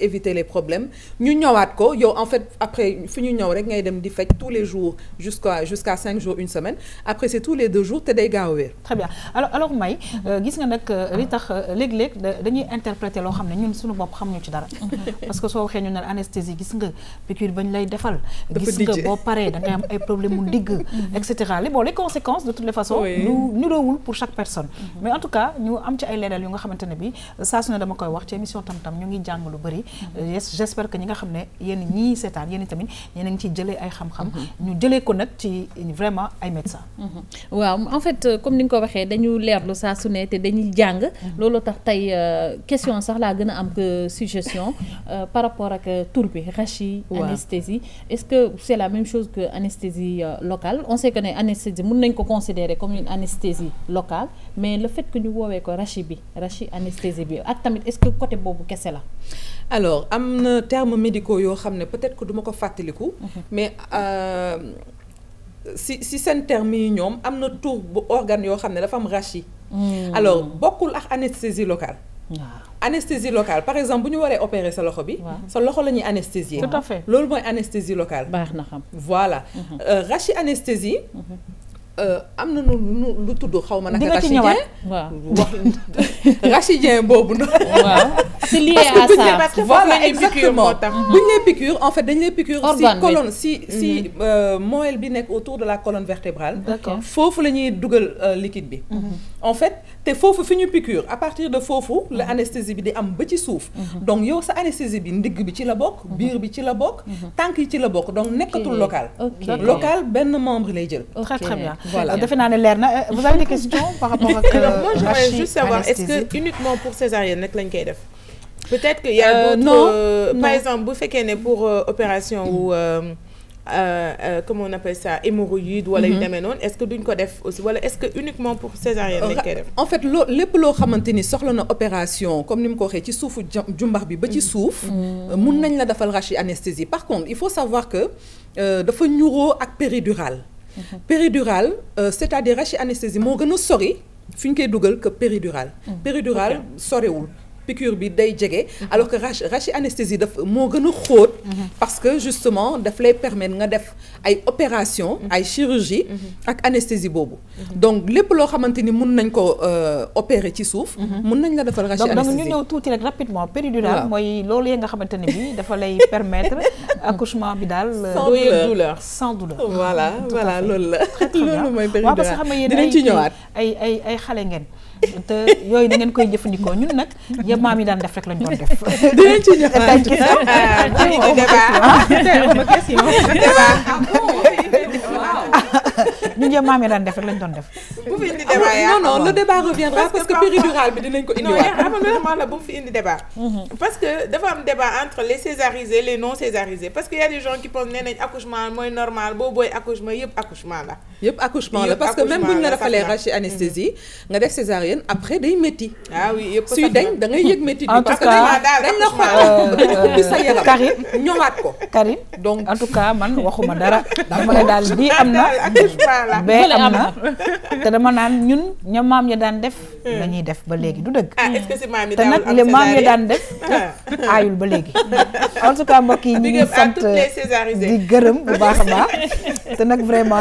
éviter les problèmes ñu ñëwaat ko yow en fait après fi ñu ñëw rek ngay dem di faj tous les jours jusqu'à jusqu'à cinq jours une semaine après c'est tous les deux jours té day gaaw très bien alors alors May euh, gis nga nak li tax lég lég dañuy interpréter lo xamné ne ñun suñu bop xamnu ci dara parce que so waxee ñu Une anesthésie gis nga piqûre bañ lay défal gis nga bo paré da ngay am ay problème mu digg et les bon les conséquences de toutes les façons Nous nous niroowul pour chaque personne mhm. mais en tout cas ñu am ci ay leeral yu nga xamantene bi sa su dama koy wax ci émission tam-tam ñu ngi jang lu bari mm-hmm. j'espère que ñi nga xam ne yéen ñii seetaan yéen tamit yéen ngi ci jëlé ay xam-xam mm-hmm. ñu jëlé ko nak ci vraiment ay médecins mm-hmm. waaw en fait euh, comme ni nga ko waxee dañu leerlu sa su ne te dañuy jàng loolu tax tay euh, question sax la gëna am que suggestion euh, par rapport ak tur bi rachis anesthésie est-ce que c'est la même chose que anesthésie locale on sait que anesthésie mën nañ ko considérer comme une anesthésie locale mais le fait que ñu woowee ko rachis rachi rachis anesthésie bi ak est-ce que côté boobu kese la. alors am terme termes médicaux yoo xam peut-être que duma ko fàttaliku. Mhm. mais euh, si si c'est un terme ñoom am na tur organe yo femme dafa am rachis. Hmm. alors beaucoup ak anesthésie locale. anesthésie locale par exemple bu ñu opérer sa loxo bi. sa loxo anesthésie anesthésier. tout à fait anesthésie locale. voilà mhm. euh, rachis anesthésie. Mhm. Euh, am na nu lu tudd xaw ma naka. rachidien waaw rachidien boobu noonu. c'est lié à ça parce que voilà exactement bu piqûre en fait dañu lay piqûre. si colonne si si mhm. euh, moelle bi nekk autour de la colonne vertébrale. foofu la ñuy dugal euh, liquide bi. Mhm. en fait te foofu fi ñu piqûre à partir de foofu la mhm. anesthésie bi di am ba ci suuf. donc yo ça anesthésie bi ndigg bi ci la bokk. biir bi ci la bokk. tànk yi ci la bokk donc nekkatul local. local ben membre lay jël. très bien voilà defe naa euh, vous avez des questions par rapport euh, à ak. moi je voudrais juste savoir est-ce que uniquement pour césarienne nag lañ koy def. peut-être qu'il y a euh, d'autres par exemple bu qu'elle est pour opération ou, Euh, euh, comment on appelle ça, hémorroïdes ou mm -hmm. est-ce que d'une ko aussi wala est-ce que uniquement pour césarienne lañ en fait le plus loo xamante ni soxla na comme nous mu ko waxee ci suufu jumbax bi ba ci mhm. suuf mm. mun la defal rachi par contre il faut savoir que dafa neuro ak péridurale Mhm. péridurale euh, c'est-à-dire rachi anesthésie moo gën a sori fi ñu koy dugal que péridurale mm. péridurale soriwul piqûre bi day jege. alors que raché anesthésie daf mo gëna xoot mm-hmm. parce que justement daf lay permettre nga def ay opération mm-hmm. ay chirurgie mm-hmm. ak anesthésie bobu donc lepp lo xamanteni mën nañ ko euh, opérer ci souf mën nañ la defal raché anesthésie donc ñu ñëw tuuti nak rapidement péridurale moy loolu nga xamanteni bi dafa lay permettre accouchement bi dal euh, douleur sans douleur. voilà voilà loolu la. loolu mooy péridurale dinañ ci ñëwaat parce que xam ay ay ay xalé ngeen. te yooyu da ngeen koy jëfandikoo ñun nag yëpp maam yi daan def rek lañ doon def. dinañ ci ñëwaat euh, ah ci ñu ñëpp maam daan def rek lañ doon def. bu fi indi ah, débat yaa non non le débat reviendra parce que péridural bi dinañ ko indi waat. non yaa la bu fi indi débat. Mhm. parce que dafa am débat entre les césarisés les non césarisés parce que y a des gens qui pensent nee nañ accouchement mooy normal boo booy accouchement yëpp accouchement la. yëpp accouchement la parce que même buñ la rafalee raché anesthésie nga def césarienne après day métti. ah oui yëpp suy dañ da ngay yëg métti. en tout cas dañ la xool dañ ubbi sa yaram. Karim ñëwaat ko. Karim donc en tout cas man waxuma dara. dama lay daal lii am na. allah ba am na ya def hmm. la ñuy def ba léegi ah, ya def ah, aayul ba léegi en tout cas ñu di gërëm bu baax a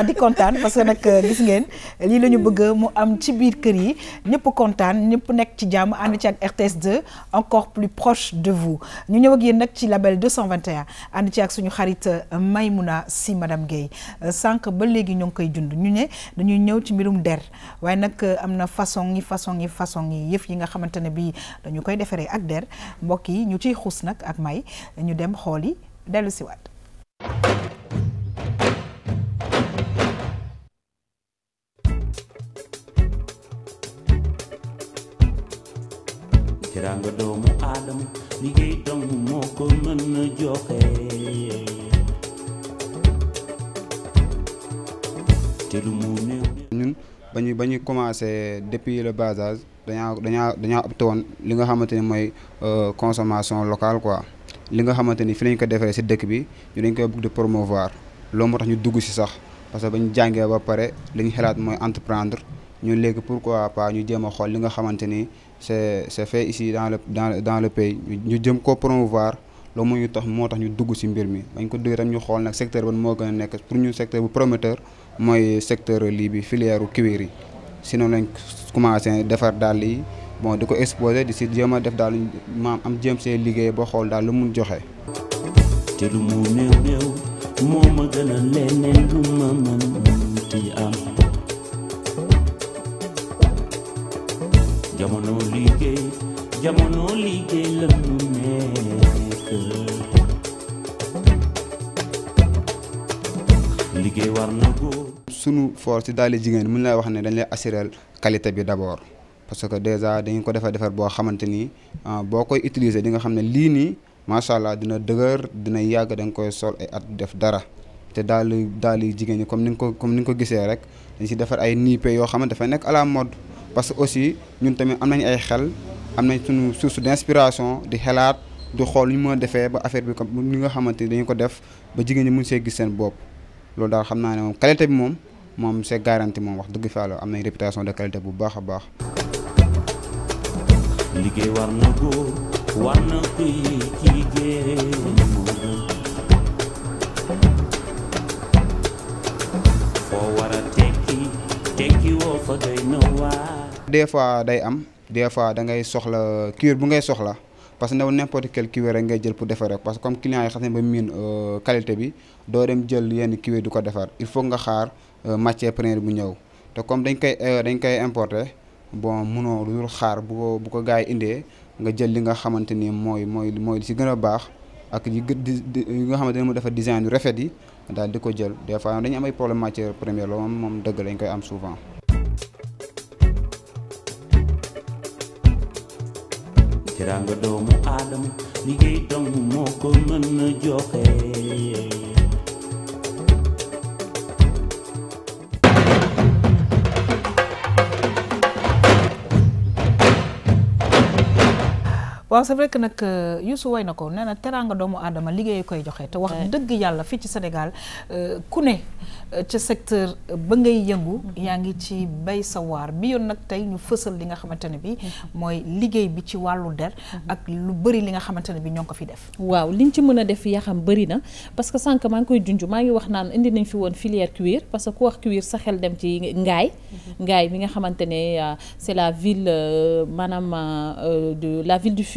di kontaan parce que nag euh, gis ngeen lii la ñu bëgg mu am ci biir kër yi ñëpp kontaan ñëpp RTS 2 encore plus proche de vous ñu ñëw label 221 si dund ñu ne dañuy ñëw ci mbirum der waaye nag euh, am na façon yi façon yi façon yi yëf yi nga xamante ne bii dañu koy defaree ak der mbokk yi ñu ciy xuus nag ak may dañu dem xool yi dellu si waat doomu aadama liggéey dong moo ko mën a joxe te du mu néew. ñun ba ñuy commencé depuis le bas âge dañaa dañaa dañaa opté woon li nga xamanteni ni mooy euh, consommation locale quoi li nga xamanteni fi lañ ko defee si dëkk bi ñu dañ koy bugg di promouvoir loolu moo tax ñu dugg si sax parce que ba ñu jàngee ba pare li ñu xalaat mooy entreprendre ñu léegi pourquoi pas ñu jéem a xool li nga xamante ni c'est c'est fait ici dans le dans dans le pays ñu jëm ko promouvoir loolu moo ñu tax moo tax ñu dugg si mbir mi bañ ko dugg tam ñu xool nag secteur ban moo gën a nekk pour ñu secteur bu prometteur mooy secteur lii bi filière cuir yi si noonu commencé defar dal yi bon di ko exposé di si jéem def daal maam am jéem see liggéey boo xool daal lu mun joxe. te néew néew moo ma gën a leneen lu ma mën ti am jamono liggéey jamono nekk liggéey war na góor sunu force si daal di jigéen mun lay wax ne dañ lay assurer qualité bi abord parce que dèjà dañu ko defar defar boo xamante ni ah, boo koy utiliser di nga xam ne lii nii macha allah dina dëgër dina yàgg dañ koy sol ay at def dara te daal daal jigéen ñi comme ni nga ko comme ni nga ko gisee rek dañ si defar ay niipe yoo xam ne dafa nekk à la mode parce que aussi ñun tamit am nañ ay xel am nañ suñu source d' inspiration di xelaat di xool ñu moo defee ba affaire bi comme ni nga xamante ni dañu ko def ba jigéen ñi mun see gis seen bopp loolu daal xam naa ne moom qualité bi moom. mom c'est garantie mom wax dugg fi la am réputation de qualité bu baax baax. liggéey war na go war na ki ki foo war a tekki tekki woo fa doy na waar. des fois day am des fois da ngay soxla cure bu ngay soxla. parce que n'importe quel kiwé rek ngay jël pour defar rek parce que comme client yi xam ba min euh qualité bi do dem jël yenn kiwé du ko defar il faut nga xaar Euh, matière première bu ñëw te comme dañ koy euh, dañ koy importer bon munoo lu dul xaar bu ko bu ko gars yi indee nga jël li nga xamante ni mooy mooy mooy li si gën a baax ak yi yi nga xamante ne mu defar design yu rafet yi daal di ko jël des fois dañu am ay problème matière première la moom moom dëgg lañ koy am souvent. jërë nga doomu aadama liggéey dong moo ko mën a joxe. waaw c'est vrai que nag euh, Youssou way na ko nee na teraanga doomu aadama liggéey koy joxee te wax dëgg yàlla fii ci Sénégal euh, ku ne euh, ca secteur ba ngay yëngu mm-hmm. yaa ngi ci bay sa waar bi yoon nag tey ñu fësal li nga xamante ne bi mm-hmm. mooy liggéey bi ci wàllu der mm-hmm. ak lu bëri li nga xamante ne bi ñoo ngi ko fi def waaw liñ ci mën a def yaa xam bari na parce que sànq maa ngi koy junj maa ngi wax naan indi nañ fi woon filière cuir parce que ku wax cuir sa xel dem ci ngaay ngaay bi nga xamante ne c'est la ville maanaam de la ville du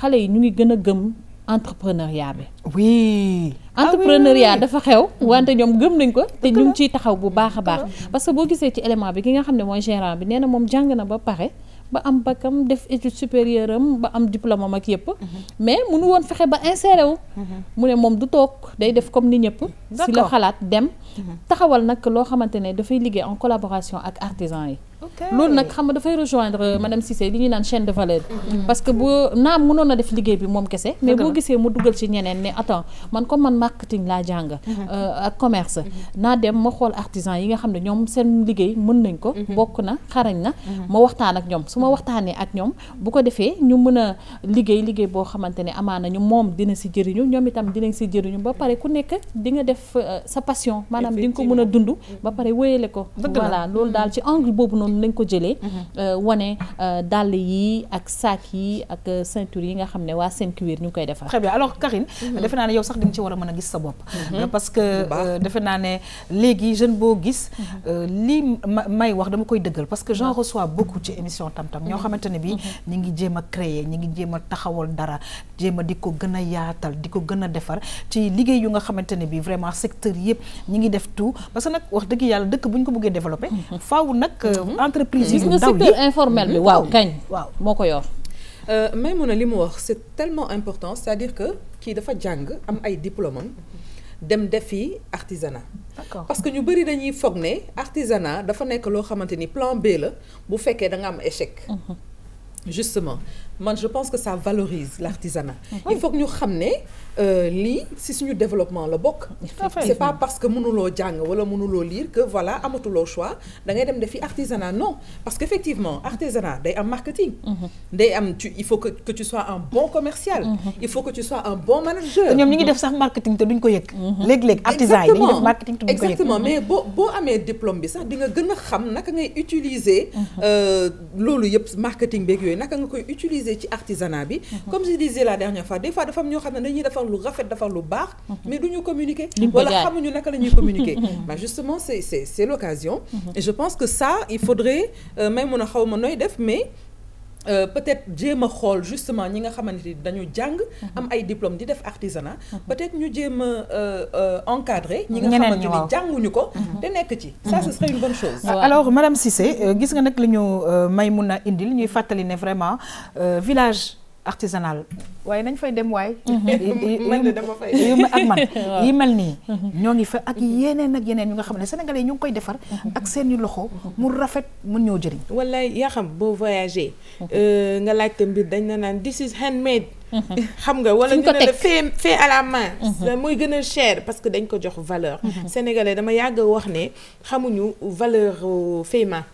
xalé yi ñu ngi gëna gëm entrepreneuriat bi. oui. Ah entrepreneuriat ah dafa xew. wante ñom gëm nañ ko. té ñu ngi ciy taxaw bu baaxa baax. parce que bo gisé ci élément bi ki nga xamné moy gérant bi néna mom moom na ba paré ba am bakam def étude supérieure am ba am diplôme am ak yépp mm-hmm. mais munu won fexé ba inséré wu. Mm-hmm. mune mom du tok day def comme ni ñëpp. si la xalaat dem taxawal nak lo xamantene da fay liggéey en collaboration ak artisans yi. lool nak xam da fay rejoindre madame Cissé li ñuy nane chaîne de valeur. Mhm. parce que boo na mënoon na def liggéey bi mom kese. mais bo gisee mu dugal ci ñeneen ne attends man comme man marketing laa jàng. Mhm. Euh, ak commerce. Mhm. Na dem ma xol artisan yi nga xam ne ñom sen liggéey mën nañ ko. bokk na xarañ na. ma waxtaan ak ñom suma ma ak ñom bu ko defee ñu mëna a liggéey bo xamantene amana ñu mom dina si jëriñu ñom itam dinañ si jëriñu ba paré ku nekk di nga def euh, sa passion. maanaam di nga ko mën a dund ba pare wéyale ko voilà loolu daal ci angle boobu noonu lañ ko jëlee mm-hmm. euh, wane euh, dàll yi ak sac yi ak euh, ceinture yi nga xam ne waa seen cuir ñu ngi koy defar très bien alors Karine mm-hmm. defe naa ne yow sax di nga ci war a mën a gis sa bopp mm-hmm. parce que defe naa ne léegi jeune boo gis lii may wax dama koy dëggal parce que j'en reçois beaucoup ci émission Tam Tam ñoo xamante ne bi ñi ngi jéem a créer ñi ngi jéem a taxawal dara jéem a di ko gën a yaatal di ko gën a defar ci liggéey yu nga xamante ne bi vraiment secteur yëpp ñi ngi dañuy def tout parce que nag wax deug yalla deuk buñ ko bëggé développer faaw nak euh, mhm. entreprise yi ndaw secteur informel bi mhm. waaw kañ. waaw moo ko yor. Euh, Maimouna li limu wax c'est tellement important c'est-à-dire que kii dafa jang am ay diplôme am dem defi artisanat. parce que ñu bëri dañuy fogné artisanat dafa nek lo xamanteni plan B la bu féké da nga am échec. Mhm. justement man je pense que ça valorise l'artisanat. Ah il faut que nous xam que euh, si suñu développement le bok c'est pas parce que lo jang wala lo lire que voilà lo choix da ngay dem def artisanat non parce qu'effectivement, effectivement artisanat day am marketing. Mhm. day am tu il faut que que tu sois un bon commercial. Mhm. il faut que tu sois un bon manager. ñom ñi ngi def sax marketing te duñ ko mhm. artisan def marketing duñ ko exactement mais bo boo amee diplôme bi sax di nga gëna xam utiliser. Euh, lolu marketing beeg yoy naka nga koy utiliser c'est ci artisanat bi mhm. comme je disais la dernière fois des fois dafa femmes, ñoo xam des dañuy defar lu rafet defar lu baax mhm. mais duñu communiquer wala xamuñu naka lañuy communiquer mhm. bah justement c'est c'est l'occasion et je pense que ça il faudrait même mun a fait def mais euh, peut-être djema a justement ñi nga xamante ni dañu jang mhm. am ay diplôme di def artisanat. Mhm. peut-être ñu djema euh, euh encadrer. ñi nga xamante ni jànguñu ko. Mhm. te ci ça ce serait une bonne chose. alors madame Cissé euh, gis nga nak li ñu may mun a indil ñuy fàttali vraiment village. artisanal waaye nañ fay dem waay. Mm-hmm. man de dama yu yi mel nii. Mm-hmm. ñoo ngi fa ak mm-hmm. yeneen ak yeneen yu nga xam ne sénégalais ñu ngi koy defar. ak seeni loxo mu rafet mun ñoo jëriñ. walla yaa xam boo voyagé. Euh, nga laajte mbir dañ na naan this is handmade. Mm-hmm. xam nga wala ñu ne la fait fait à la main mm-hmm. mooy gën a cher parce que dañ ko jox valeur mm-hmm. sénégalais dama yàgg wax ne xamuñu valeur euh, fait main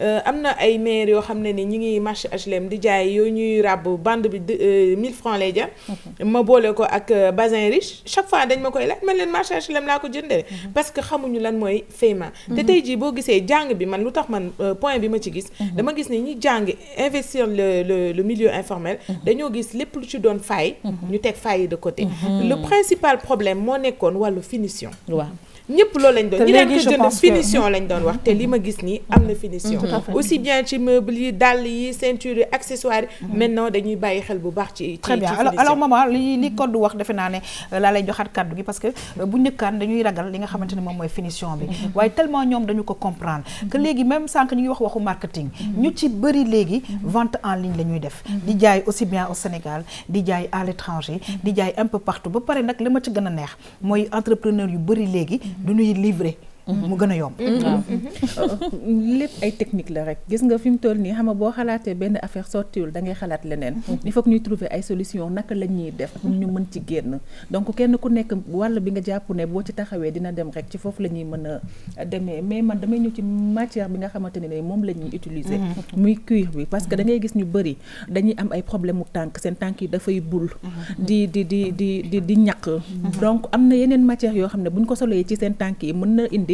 euh, am na ay maire yoo xam ne ni ñi ngi marché HLM di jaay yoo ñuy ràbb bande bi 1000 euh, francs lay jar ma boole ko ak bazin riche chaque fois dañ ma koy laaj man leen marché HLM laa ko jëndee parce que xamuñu lan mooy fait main te tey jii boo gisee jàng bi man lu tax man point bi ma ci gis dama gis ne ñi jàng investir le le le milieu informel dañoo gis lépp lu ci doon faille mhm. ñu teg faille yi de côté mhm. le principal problème moo nekkoon wàllu finition waaw ñëpp loolu lañ doon ñu daan ko jënd finition lañ doon wax te li ma gis nii am na finition mm-hmm. aussi bien ci meubles yi dàll yi ceinture yi accessoires mm-hmm. maintenant dañuy bàyyi xel bu baax ci très bien alors alors maman li li code wax defe naa ne euh, laa lay joxaat kàddu gi parce que euh, bu njëkkaan dañuy ragal li nga xamante ne moom mooy finition bi mm-hmm. waaye tellement ñoom dañu ko comprendre que léegi même sànq ñu ngi wax waxu marketing ñu ci bëri léegi vente en ligne la ñuy def di jaay aussi bien au Sénégal di jaay à l'étranger di jaay un peu partout ba pare nag li ma ci gën a neex mooy entrepreneur yu bëri léegi du ñuy livrer mu gën a yomb. Mm-hmm. Mm-hmm. Uh-huh. lépp ay technique la rek gis nga fi mu toll nii xam nga boo xalaatee benn affaire sottiwul da ngay xalaat leneen. Mm-hmm. il faut que ñuy trouver ay solution naka la ñuy def pour ñu mën ci génn donc kenn ku nekk wàll bi nga jàpp ne boo ci taxawee dina dem rek ci foofu la ñuy mën a demee mais man damay ñëw ci matière bi nga xamante ne moom la ñuy utiliser. muy cuir bi parce que da ngay gis ñu bëri dañuy am ay problème mu tànk seen tànk yi dafay bul. di di di di di di ñaq. donc am na yeneen matière yoo xam ne buñ ko solee ci seen tànk yi mën na indi.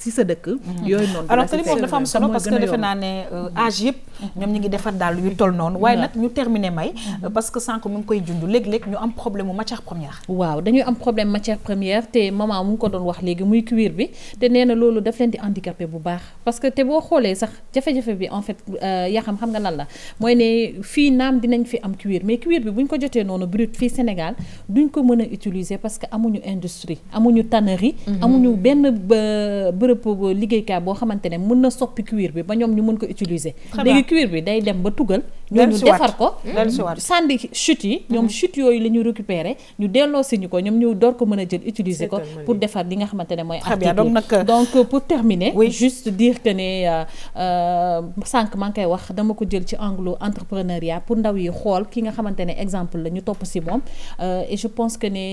si sa dëkk mhm. yooyu noonu alors que moom dafa am solo parce que defe naa ne euh, âge yëpp ñoom ñi ngi defar daal yu toll noonu waaye nag ñu terminer may mhm. parce que sànq mu ngi koy jundu léeg-léeg ñu am problème mu matière première waaw dañuy am problème matière première te maman mu ngi ko doon wax léegi muy cuir bi te nee na loolu daf leen di handicapé bu baax parce que te boo xoolee sax jafe-jafe bi en fait euh, y'a xam xam nga lan la mooy ne fii naam dinañ fi am cuir mais cuir bi bu ñu ko jotee noonu brut fii Sénégal duñ ko mën a utiliser parce que amuñu industrie amuñu tannerie mhm. amuñu benn bërëb liggéeykaay boo bo xamantene mën na soppi cuir bi ba ñom ñu mën ko utiliser léegi cuir bi day dem ba tugal ñooñu defar ko sandi mmh. chute yi ñoom mmh. chute yooyu la ñu récupérer ñu delloo si ñu ko ñoom ñu door ko mën a jël utiliser ko pour defar li nga xamante ne mooy article donc euh, pour terminer juste dire que ne euh, euh, sànq maa ngi koy wax dama ko jël ci anglo entrepreneuriat pour ndaw yi xool ki nga xamante ne exemple la ñu topp si moom et je pense que ne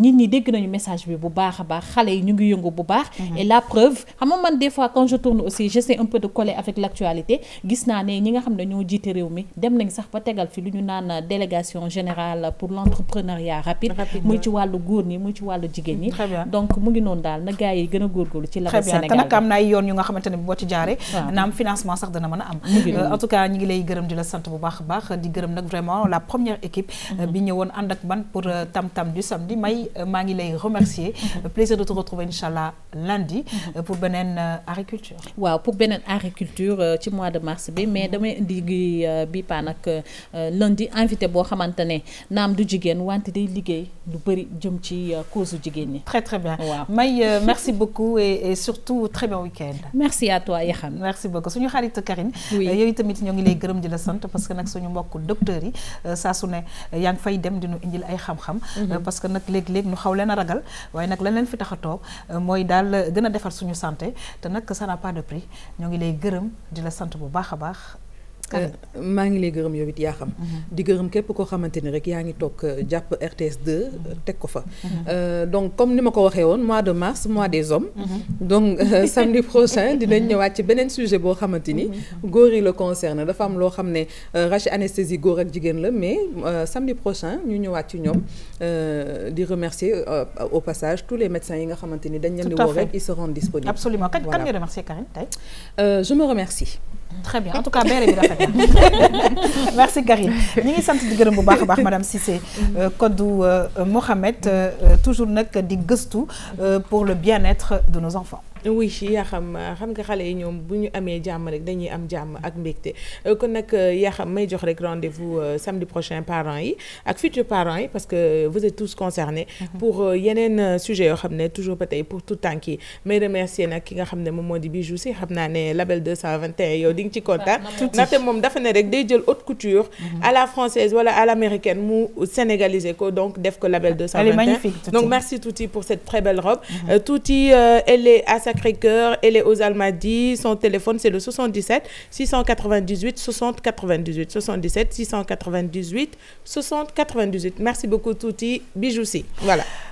nit ñi dégg nañu message bi bu baax a baax xale yi ñu ngi yëngu bu baax mmh. et la preuve xam nga man des fois quand je tourne aussi j'essaie un peu de coller avec l'actualité gis naa ne nga xam ne ñoo jiite réew mi dem nañ sax ba tegal fi lu ñu naan délégation générale pour l' entrepreneuriat rapide muy ci wàllu góor ñi muy ci wàllu jigéen ñi donc mu ngi noonu daal na gars yi gën a góorgóorlu ci la Sénégal te nag am na yoon yu nga xamante ne boo ci na am financement sax dana mën a am euh, en tout cas ñi ngi lay gërëm di la sant bu baax a baax di gërëm nag vraiment la première équipe euh, mm-hmm. bi ñëwoon ànd ak ban pour euh, tam tam du samedi may maa ngi lay remercier mm-hmm. plaisir de te retrouver incha allah lundi mm-hmm. pour beneen agriculture waaw pour beneen agriculture ci mois de mars bi mais demee di gi euh, bi euh, lundi invité bo xamantene nam du jigen wanti day liggéey lu bari jëm ci euh, cause jigen ñi. très très bien waaw May merci beaucoup et et surtout très bon week-end. merci à toi Yaxam. merci beaucoup suñu xarit Karine. oui yooyu tamit ñoo ngi lay gërëm di la sant parce que nak suñu mbokk docteur yi sa su ne yaa ngi fay dem di ñu indil ay xam-xam. Mhm. parce que nak lég lég ñu xaw leen ragal waaye nak lan leen fi taxato moy dal gëna défar suñu santé té nak ça n'a pas de prix ñoo ngi lay gërëm di la sant bu baax a baax. Mm-hmm. Euh, RTS 2 euh, mm-hmm. mm-hmm. euh, donc comme nous mois de mars mois des hommes donc samedi prochain nous ci sujet qui anesthésie mais samedi prochain nous remercier au passage tous les médecins qui ils seront disponibles absolument Karine je me remercie très bien en tout cas bien merci Karine Nous Kodou euh, euh, Mohamed euh, toujours notre di pour le bien-être de nos enfants oui yaa xam xam nga xalé ñom buñu amé jamm rek dañuy am jamm ak mbékté kon nak euh, y'a xam may jox rek rendez-vous euh, samedi prochain parents yi ak futurs parents yi parce que vous êtes tous concernés. Mhm. pour euh, yenen sujet yo xamné toujours ba pour tout temps qui may remercier nak ki nga xamné mom modi bijoux, c'est Bijou label 221 yo di ci contact naté mom dafa né rek day jël haute couture. Mhm. à la française wala à l'américaine mu sénégaliser ko donc def ko label 221. elle est magnifique donc merci Touti pour cette très belle robe. Mhm. Touti elle est Sacré-Cœur, elle est aux Almadies. Son téléphone, c'est le 77 698 60 98. 77 698 60 98. Merci beaucoup, Touti. Bijoussi. Voilà.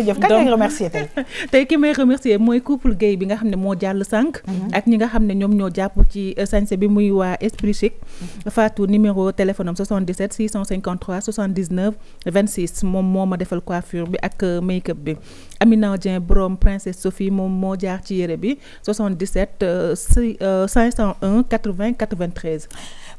jërëjëf kan ngay remercier tay tay ki may remercier moy couple gay bi nga xam mo jall sank mhm. ak ñi nga xam ñom ñoo japp ci euh, sañse bi muy wa esprit chic mhm. Fatou numéro téléphone 77 653 79 26 mom moo ma defal coiffure bi ak euh, make up bi Amina Dieng brom princesse Sophie mom mo jaar ci yéré bi 77 501 80 93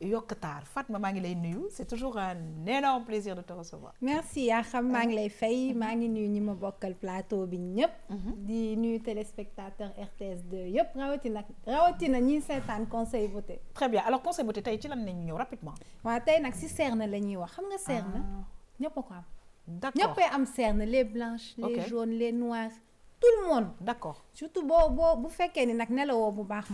Yokkatar Fatma maa lay nuyu c'est toujours un énorme plaisir de te recevoir. merci yaa xam lay fay Mangi nuyu ñi ma plateau bi ñëpp. Mhm. di nuyu téléspectateur RTS2 yëpp rawatina ni ñi seetaan conseil voté. très bien alors conseil voté, tey ci lan nañu rapidement. Moi, tey nag si cerne la ñuy wax xam nga cerne. Ah. ñëpp a d'accord ñëppay am cerne les blanches. les jaunes les noires tout le monde. d'accord surtout Bo, bo bu fekkee ni nag nelawoo bu baax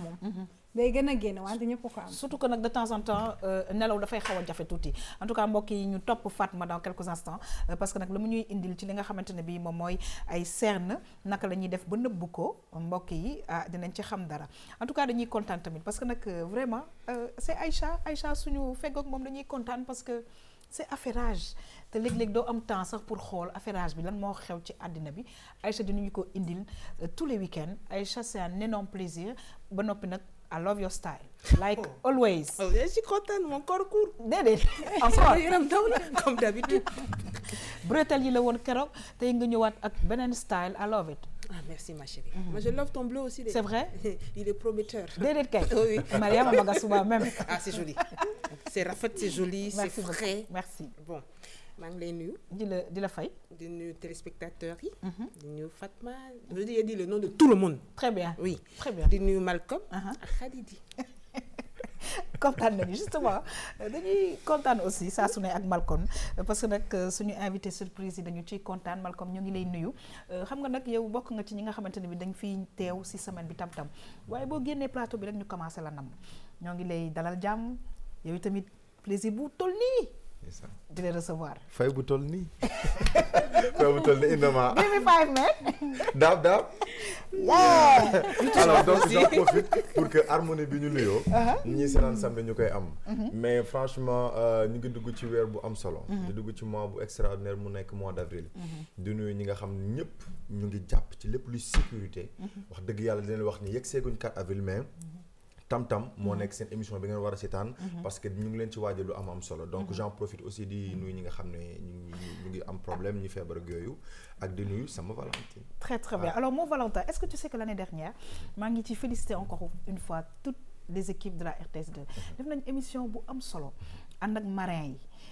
day gën a génn wante ñëpp ko am. surtout que nag de temps en temps euh, nelaw dafay xaw a jafe tuuti en tout cas mbokk yi ñu topp Fatma dans quelques instants euh, parce que nag la mu ñuy indil ci li nga xamante ne bii moom mooy ay cernes naka la ñuy def ba nëbbu ko mbokk yi ah dinañ ci xam dara en tout cas dañuy content tamit parce que nag euh, vraiment c' est Aïcha Aïcha suñu feggoog moom dañuy content parce que c' est affairage te léeg-léeg doo am temps sax pour xool affairage bi lan moo xew ci àddina bi Aïcha dinañu ko indil tous les week-ends Aïcha c' est un énorme plaisir ba noppi nag. I love your style. Like oh. always. je suis contente, mon corps court. comme d'habitude. style I love ah, merci ma chérie. Mhm. je love ton bleu aussi. C'est vrai Il est prometteur. Ah, c'est joli. C'est c'est joli, c'est frais. Merci maa ngi lay nuyu. di la di la fay. di nuyu téléspectateurs yi. Mhm. di nuyu Fatma. je veux dire le nom de tout le monde. très bien oui très bien di nuyu Malcolm. Uh-huh. ak Khadidi. kontaan nañu justement dañuy kontaan aussi saa su ne ak Malcolm parce que nag euh, suñu invité surprise yi dañu ciy kontaan Malcolm ñu ngi lay nuyu euh, xam nga nag yow bokk nga ci ñi nga xamante ne dañ fiy teew si semaine bi tam-tam waaye boo génnee plateau bi rek ñu commencé la nam ñoo ngi lay dalal jàmm yow tamit plaisir bu toll nii di la recevoir. fay bu toll nii fay bu toll nii innoma. give me five men. daab daab. alors donc j'en profite pour que harmonie bi ñu nuyoo. Uh-huh. ñii seetaan samedi ñu koy am. Mm-hmm. mais franchement euh, ñu ngi dugg ci weer bu am solo. Mm-hmm. di dugg ci mois bu extraordinaire mu nekk mois d' avril. Mm-hmm. di nuyu ñi nga xam ne ñëpp ñu ngi jàpp ci lépp luy sécurité. wax dëgg yàlla dinañ wax ni yegg seeguñ 4 avril mais tam tam moo mm-hmm. émission bi ngeen wara sétane mm-hmm. parce que ñu ngi leen ci waajal lu am am solo donc mm-hmm. j'en profite aussi di nuy ñi nga xamné ñu ngi am problème ñu feebar ak yooyu ak di nuyu sama Valentine très très bien ah. alors mon Valentin est-ce que tu sais que l'année dernière ma ngi ci féliciter encore une fois toutes les équipes de la RTS2 def nañ émission bu am solo and ak marin yi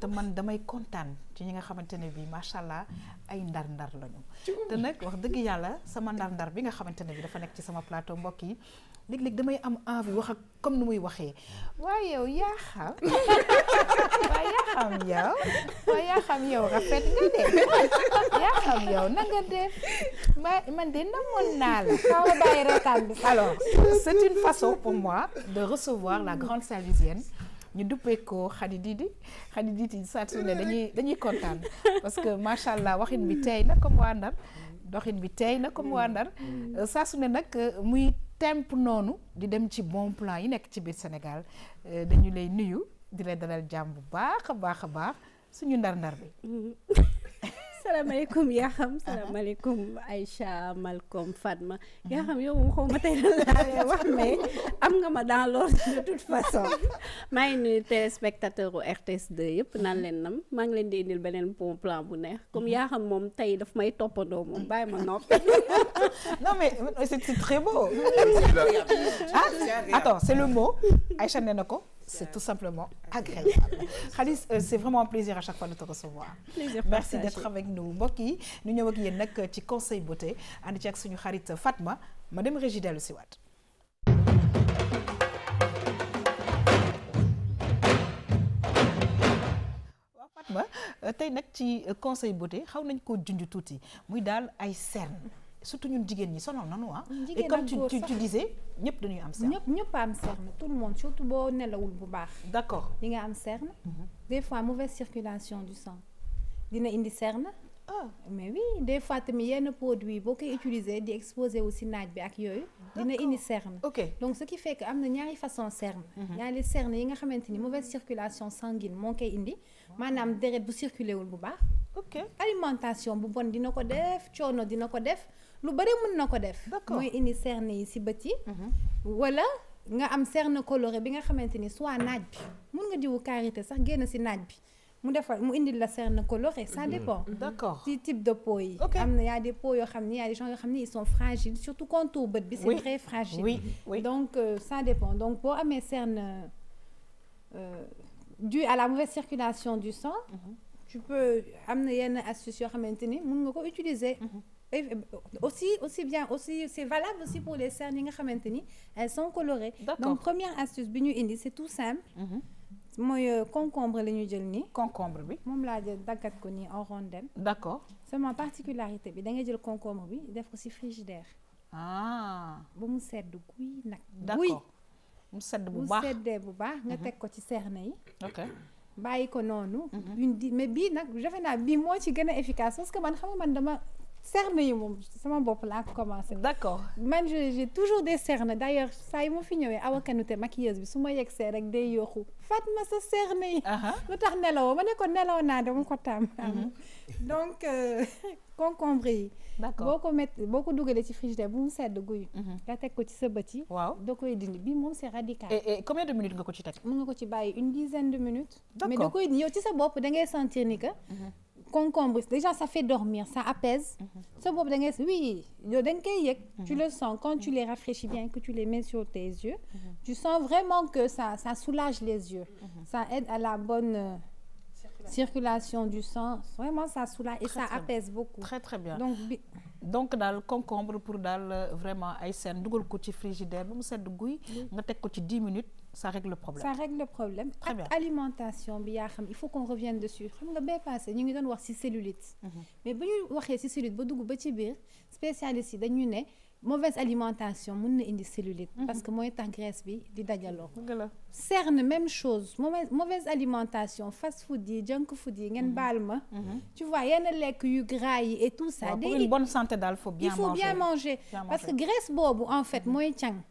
te man damay contane ci ñi nga xamante ne bii ay ndar-ndar lañu. te nak wax dëgg yalla sama ndar-ndar bi nga xamantene bi dafa nekk ci sama plateau mbokk yi léeg-léeg damay am envie wax ak comme ni muy waxee. waaye yow yaa xam waaye yaa xam yow waaye yaa xam yow rafet nga dé yaa xam yow na nga dé ma man de namoon naa la. xaw ma bàyyi retaan bi. alors c'est une façon pour moi de recevoir la grande salésienne. ñu duppee ko Khady Didi Khady Didi saa su ne dañuy dañuy kontaan parce que macha allah waxin bi tey na comme waa Ndar doxin bi tey na comme waa Ndar saa su ne nag muy temp noonu di dem ci bon plan yi nekk ci biir Sénégal euh, dañu lay nuyu di la dalal jàmm bu baax a baax a baax suñu ndar-ndar bi. Mm-hmm. salaamaaleykum yaa xam salaamaaleykum uh-huh. Aïcha Malcolm Fatma uh-huh. yaa xam yow moom xaw ma tey lan laa wax mais am nga ma dans l'ordre de toute façon maa ngi nuyu téléspectateur u RTS2 yëpp uh-huh. naan leen nam maa ngi leen di indil beneen bon plan bu neex comme yaa xam moom tey daf may toppandoo moom bàyyi ma noppi. non mais c'est très beau. ah attends c'est le mot Aïcha nee na ko c'est euh, tout simplement agréable. Khalis euh, c'est vraiment un plaisir à chaque fois de te recevoir. plaisir merci d'être avec nous Nous nous ñu ñëw ak ci conseil beauté Nous ci ak suñu xarit Fatma Madame dem régie dellu si waat. Fatma euh, tey conseil beauté Nous nañ koo junj tuuti muy surtout ñun jigéen ñi sonal nanu ah. et comme tu tu tu disais ñëpp dañuy am cerne. ñëpp ñëpp am cerne tout le monde surtout boo nelawul bu baax. d' accord nga am cerne. Mhm. des fois mauvaise circulation du sang dina indi cerne. ah mais oui des fois te yenn produit boo koy utiliser di exposé wu si naaj bi ak yooyu. dina indi cerne. ok donc ce qui fait que am na ñaari façon cerne. ñaari mhm. cerne yi nga xamante ni mauvaise circulation sanguine manque indi manam deret bu circuler wul bu baax. ok alimentation bu bonne dina ko def coono dina ko def lu bari mën na ko def mooy indi cernes yi si bët mhm. wala nga am cerne coloré bi nga xamante ni soit naaj bi mun nga diwu karité sax génn si naaj bi mu defar mu indil la cerne coloré ça mhm. dépend. Mhm. d'accord type de peau yi. am na y a des peaux yoo xam ni y a des gens yoo xam ni ils sont fragiles surtout contour bët bi. c'est très fragile. oui oui donc euh, ça dépend donc boo amee cerne euh, dû à la mauvaise circulation du sang. tu peux am na yenn astuce yoo xamante ni mun nga ko utiliser. Euh, aussi aussi bien aussi c'est valable aussi pour les cernes yi nga elles sont colorées donc première astuce bini indi c'est tout simple moy mhm. euh, concombre les jël ni concombre bi mon la jël daggat ko ni en rondelle d'accord c'est ma particularité bi da ngay jël concombre bi def ko ci frigidaire ah bon mu sedd guy nag d'accord mu sedd bu baax bu seddee bu baax nga mhm. tek ko ci cerne yi ok bayiko ko mhm. une mais bi nak jafena bi mo ci gëna efficacité efficace parce que man xam nga man dama cernes yi moom sama bop la ko commencé. d'accord man j'ai toujours des cernes d'ailleurs ça y mo fi ñëwee té maquilleuse bi suma ma rek day yoxu Fatma sa cerne yi. lu tax nelawoo ma ne ko nelaw naa dama ko tam. Mhm. donc euh, concombre yi. mettre boo ko met boo ko ci frigidaire bu mu sedd guy. Mhm. nga teg ko ci sa bët yi. waaw da koy dindi bi mom c'est radical. et et combien de minutes nga ko ci teg. mën nga ko ci bàyyi une dizaine de minutes. d'accord mais da koy yow ci sa bop da ngay sentir ni que. Mhm. Concombres, déjà ça fait dormir ça apaise mhm. Ce oui mhm. tu le sens quand tu les rafraîchis bien que tu les mets sur tes yeux mhm. tu sens vraiment que ça ça soulage les yeux ça aide à la bonne euh, circulation du sang vraiment ça soulage et ça apaise beaucoup très très bien donc donc le concombre pour dal vraiment ay seen vous ko ci frigidaire ba mu sedd guy. nga tek ko ci dix minutes ça règle le problème. ça règle le problème bien. alimentation bi xam il faut qu'on revienne dessus xam nga bay passé ñu ngi don wax ci cellulite. Mhm. mais bu ñu waxee ci cellulite ba dugg ba ci biir spécialiste yi dañu né mauvaise alimentation mun na indi cellulite. Mhm. parce que mooy graisse bi di dajaloo. cerne même chose mauvaise mauvaise alimentation fast food di junk food yi ngeen mhm. baal mhm. tu vois yene lek yu gras et tout ça. il pour une bonne santé dal faut bien il faut bien manger parce que graisse boobu en fait mooy càng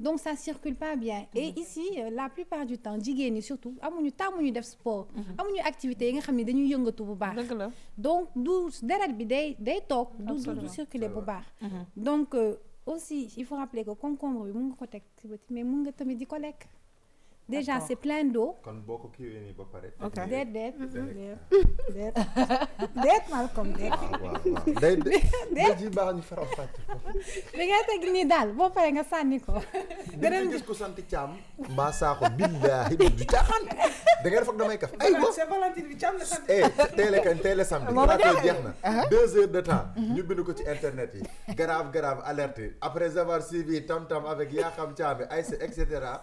donc ça circule pas bien et ici euh, la plupart du temps les surtout amuñu tàmmuñu def sport mhm. amuñu activité yi nga xam ne dañuy yëngatu bu baax donc du deret bi day day toog du du circulent bu baax mhm. donc euh, aussi il faut rappeler que concombre bi mun nga ko mais il nga tamit di ko déjà c'est plein d'eau. kon boko ko kiiwee ba pare. ok déet déet déet déet déet Malcolm déet. déet déet ji baax ñu faram fàcce ko. li ngay teg nii daal boo nga sànni ko. beneen bi gis ko sant Thiam. mbaa saako billahi du taxan da ngeen foog damay kaf. ay c'est Valentine bi cham la sant. Eh, teel a kañ teel a samedi. moo jeex na uh-huh. deux heures de temps. Uh-huh. ñu bind ko ci internet yi. grave grave alerte après avoir suivi tam tam avec ya xam chambe ay et cetera.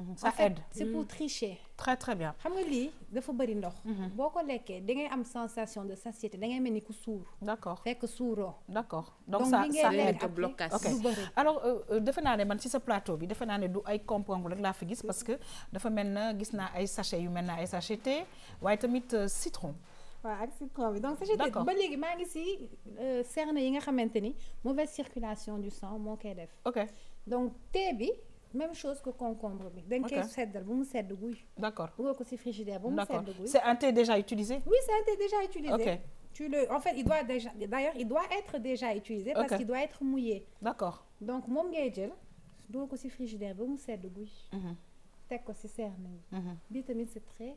Mhm. ça aide c'est pour mhm. tricher. très très bien xam nga lii dafa bëri ndox. Mhm. boo ko lekkee da ngay am sensation de satiété da ngay mel ni ku suur. d' accord fekk donc ça ça aide blocage ok alors euh, euh, defe naa ne man ci sa plateau bi defe naa ne du ay compound rek laa fi gis parce que dafa mel na gis naa ay sachet yu mel na ay sachet thé tamit euh, citron. waaw ak citron bi donc sachet ba léegi maa ngi si cernes yi nga xamante mauvaise circulation du sang moo koy def. ok donc thé bi même chose que concombre bi. dañ koy seddal bu mu sedd guy. d' accord dugal ko si frigidaire bu mu sedd guy. c' est un thé déjà utilisé. oui c' est un thé déjà utilisé. ok tu le en fait il doit déjà d' ailleurs il doit être déjà utilisé. parce qu'il doit être mouillé. d' accord donc moom ngay jël dugal ko si frigidaire bu mu sedd guy. Mhm. teg ko si serre nañu. bi tamit c' est très.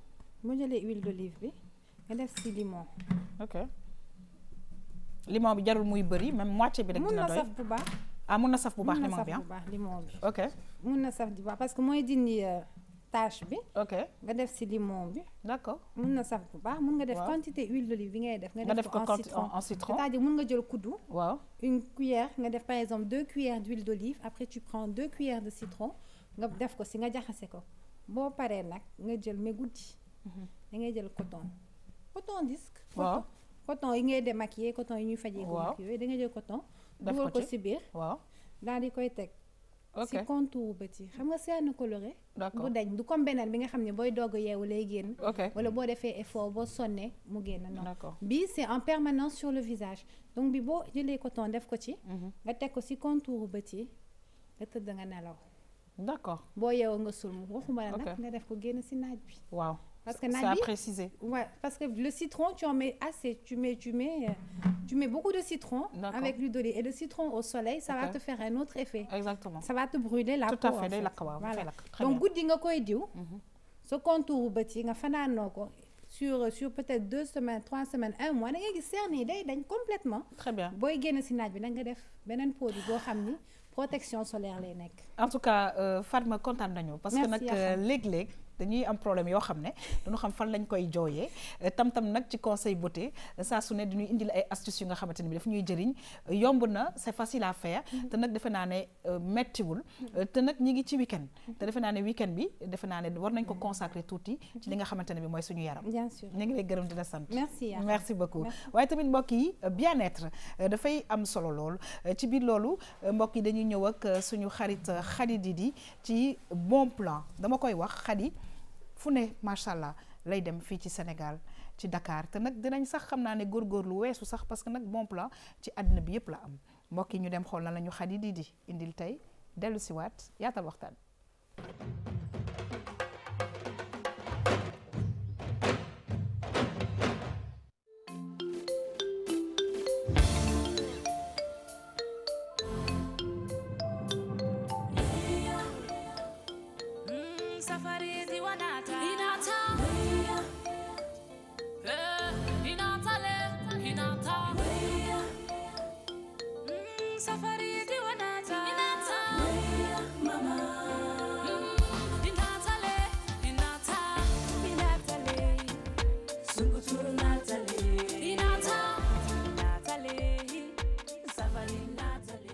boo jëlee huile d'olive bi nga def si limon. ok limon bi jarul muy bëri même moitié bi rek dina doy mun na saf bu baax. ah mun na saf bu baax limon bi ah mun na saf bu ah? baax limon bi. ok mun na saf bu baax parce que mooy dindi euh, tache bi. ok nga def si limon bi. d'accord mun na saf bu baax mun nga def quantité huile d'olive bi ngay def. nga def ko en citron c'est-à-dire mun nga jël kuddu. waaw une cuillère nga def par exemple deux cuillères d'huile d'olive après tu prends deux cuillères de citron nga def ko si nga jaxase ko boo paree nag nga jël mais Mm-hmm. da ngay jël coton coton disque. waaw coton yi ngay démaquiller coton yi ñuy fajee. waaw yooyu da ngay jël coton. dugal ko ci biir waaw. daal di koy teg. ok ci contour bët yi xam nga seen coloré. d'accord du dañ du comme beneen bi nga xam ne booy dogg yeewu lay génn. wala boo defee effort boo sonnee mu génn non. d'accord bii c'est en permanence sur le visage donc bi boo jëlee coton def ko ci. Mm-hmm. nga teg ko ci contour bët yi nga tëdd nga nelaw. d'accord boo yeewoo nga sulmu waxuma la nag nga def ko génn ci naaj bi waaw. Parce que ça a précisé. Ouais, parce que le citron, tu en mets assez. Tu mets, tu mets, euh, tu mets beaucoup de citron avec l'huile d'olive. Et le citron au soleil, ça va te faire un autre effet. Exactement. Ça va te brûler la Tout peau. Tout à fait, La voilà. Donc, goût nga koy diou mhm. Ce contour beuti nga fanano sur sur peut-être deux semaines, trois semaines, un mois, da nga gis cerné complètement. Très bien. Boy génn si naaj bi da nga def benen produit bo xamni protection solaire lay nek. En tout cas, euh, content contane nañu parce que nak lég lég dañuy am problème yoo xam ne duñu xam fan lañ koy jooyee tam-tam nag ci conseil beauté saa su ne dañuy indil ay astuces yu nga xamante ne bi daf ñuy jëriñ yomb na c'est facile à faire mm-hmm. te nag defe naa ne euh, mettiwul mm-hmm. te nag ñi ngi ci week mm-hmm. te defe naa ne week bi defe naa ne war nañ ko consacrer tuuti ci li nga xamante ne bi mooy suñu yaram bien sûr ñu ngi lay gërëm di la sant merci merci beaucoup waaye tamit mbokk yi bien-être euh, dafay am solo lool euh, ci biir loolu mbokk yi dañuy ñëw ak suñu xarit Khady di ci bon plan dama koy wax Khady fu ne macha allah lay dem fii ci Sénégal ci Dakar te nag dinañ sax xam naa ne góor góorgóorlu weesu sax parce que nag bon plan ci àddina bi yëpp la am mbokk yi ñu dem xool na la ñu xadi di di indil tey dellu siwaat yaatal waxtaan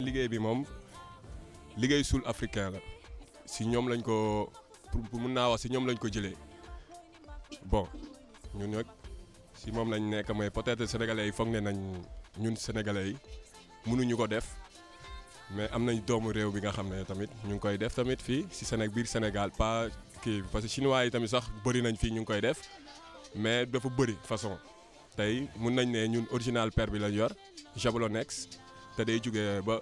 liggéey bi moom liggéey suul africain la si ñoom lañ ko pour mun naa wax si ñoom lañ ko jëlee bon ñu nag si moom lañ nekk mooy peut-être sénégalais yi foog ne nañ ñun sénégalais yi munuñu ko def mais am nañ doomu réew bi nga xam ne tamit ñu ngi koy def tamit fii si Séné biir Sénégal pas kii parce que chinois yi tamit sax bëri nañ fii ñu ngi koy def mais dafa bëri façon tey mun nañ ne ñun original père bi lañ yor jablonex te day jugee ba.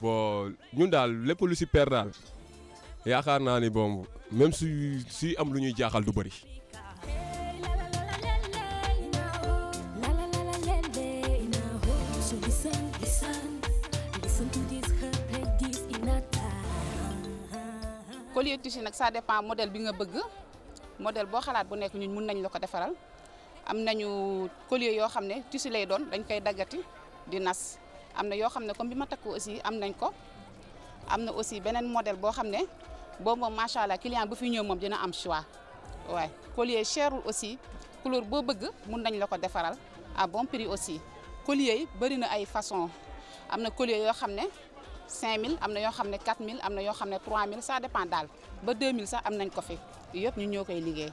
bon ñun daal lépp lu si per daal yaakaar naa ni bon même si si am lu ñuy jaaxal du bëri. collier tissu nak ça dépend model bi nga bëgg modèle boo xalaat bu nekk ñun mun nañ la ko defaral am nañu collier yoo xam ne tissu lay doon dañ koy di nas amna yo yoo comme bima takku aussi amnañ ko amna aussi benen modèle bo xam bo boobu machallah client bu fi ñëw mom dina am choix waaye collier cherul aussi couleur bo bëgg mun nañ la ko défaral à bon prix aussi collier yi bëri na ay façon amna collier yo xam 5000 amna yo yoo 4000 amna yo yoo 3000 ça dépend dal ba 2000 sax amnañ ko fi yépp ñu ñokay koy liggéey.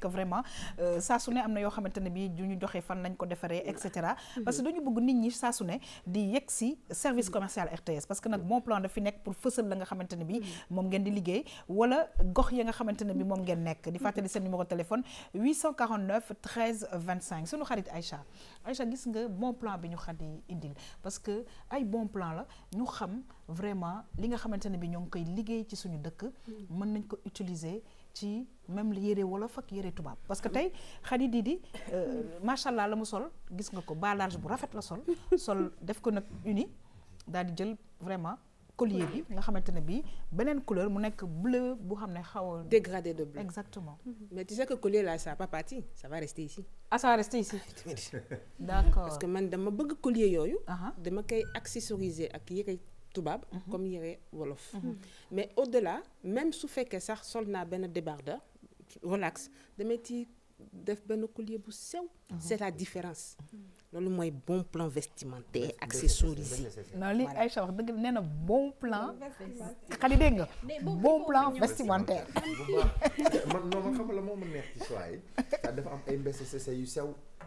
que vraiment ça euh, sonne amna yo xamantene bi du ñu joxe fan lañ ko défaré etc mm-hmm. parce que duñu bëgg nit ñi ça sonne di yegg service commercial RTS parce que nak bon plan fi nek pour fësal la nga xamantene bi mm-hmm. mom ngeen di liggéey wala gox ya nga xamantene bi mom ngeen nek di fatali seen numéro de téléphone 849 13 25 sunu xarit Aïcha Aïcha gis nga bon plan bi ñu xadi indil parce que ay bon plan la ñu xam vraiment li nga xamantene bi ñong koy liggéey ci suñu dëkk mm-hmm. mën nañ ko utiliser ci même yéré wolof ak yéré bas. parce que tu Khady Didi euh, machallah allah la mu sol gis nga ko bas large bu rafet la sol sol def ko nak uni dal di jël vraiment collier bi nga xamantene bi benen couleurs couleur mu nek bleu bu xamné dégradé de bleu exactement. Mm-hmm. mais tu sais que collier là ça va pas parti, ça va rester ici. ah ça va rester ici. d'accord parce que man dama bëgg collier yoyu dama kay accessoriser ak yére tubaab mhm. comme yére wolof mhm. mais au delà même su fekkee sax sol naa benn débardeur relax de ci def collier bu sew mhm. c'est la différence loolu mooy bon plan vestimentaire accessoirisé. non li Aïcha wax dëgg nee bon plan xali nga bon plan vestimentaire man non man xam la moo ma neex ci choix yi dafa am ay mbese yu sew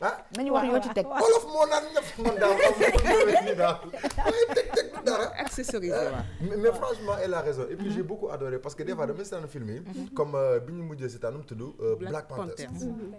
Ah? Mais nañu wax yoo ci teg wolof moo naan ñëpp man daaw xam daaw waaye teg teg du dara. Ah, mais franchement elle a raison et puis j'ai beaucoup adoré parce que des fois damay seetaan film yi. Mhm. comme euh, biñ ñu mujjee seetaan mu tudd. Euh, Black Panther. Mmh.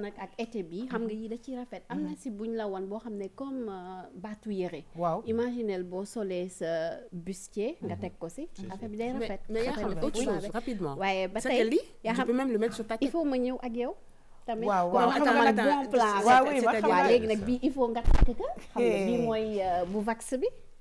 nag ak été bi xam nga mhm. yi da ci rafet am na mhm. si buñ la won boo xam ne comme euh, baatu yéré. waaw imaginel boo solee sa bustier nga mhm. teg ko si affaire bi day rafet mais yaa xam autre chose rapidement waaye ba tey lii yaa xam même le mettre sur ta tête il faut ma ñëw ak yow tamit waaw waaw xam man bon plan bah, waaw oui léegi nag bii il faut nga takk ka xam nga eh. bii mooy euh, bu vax bi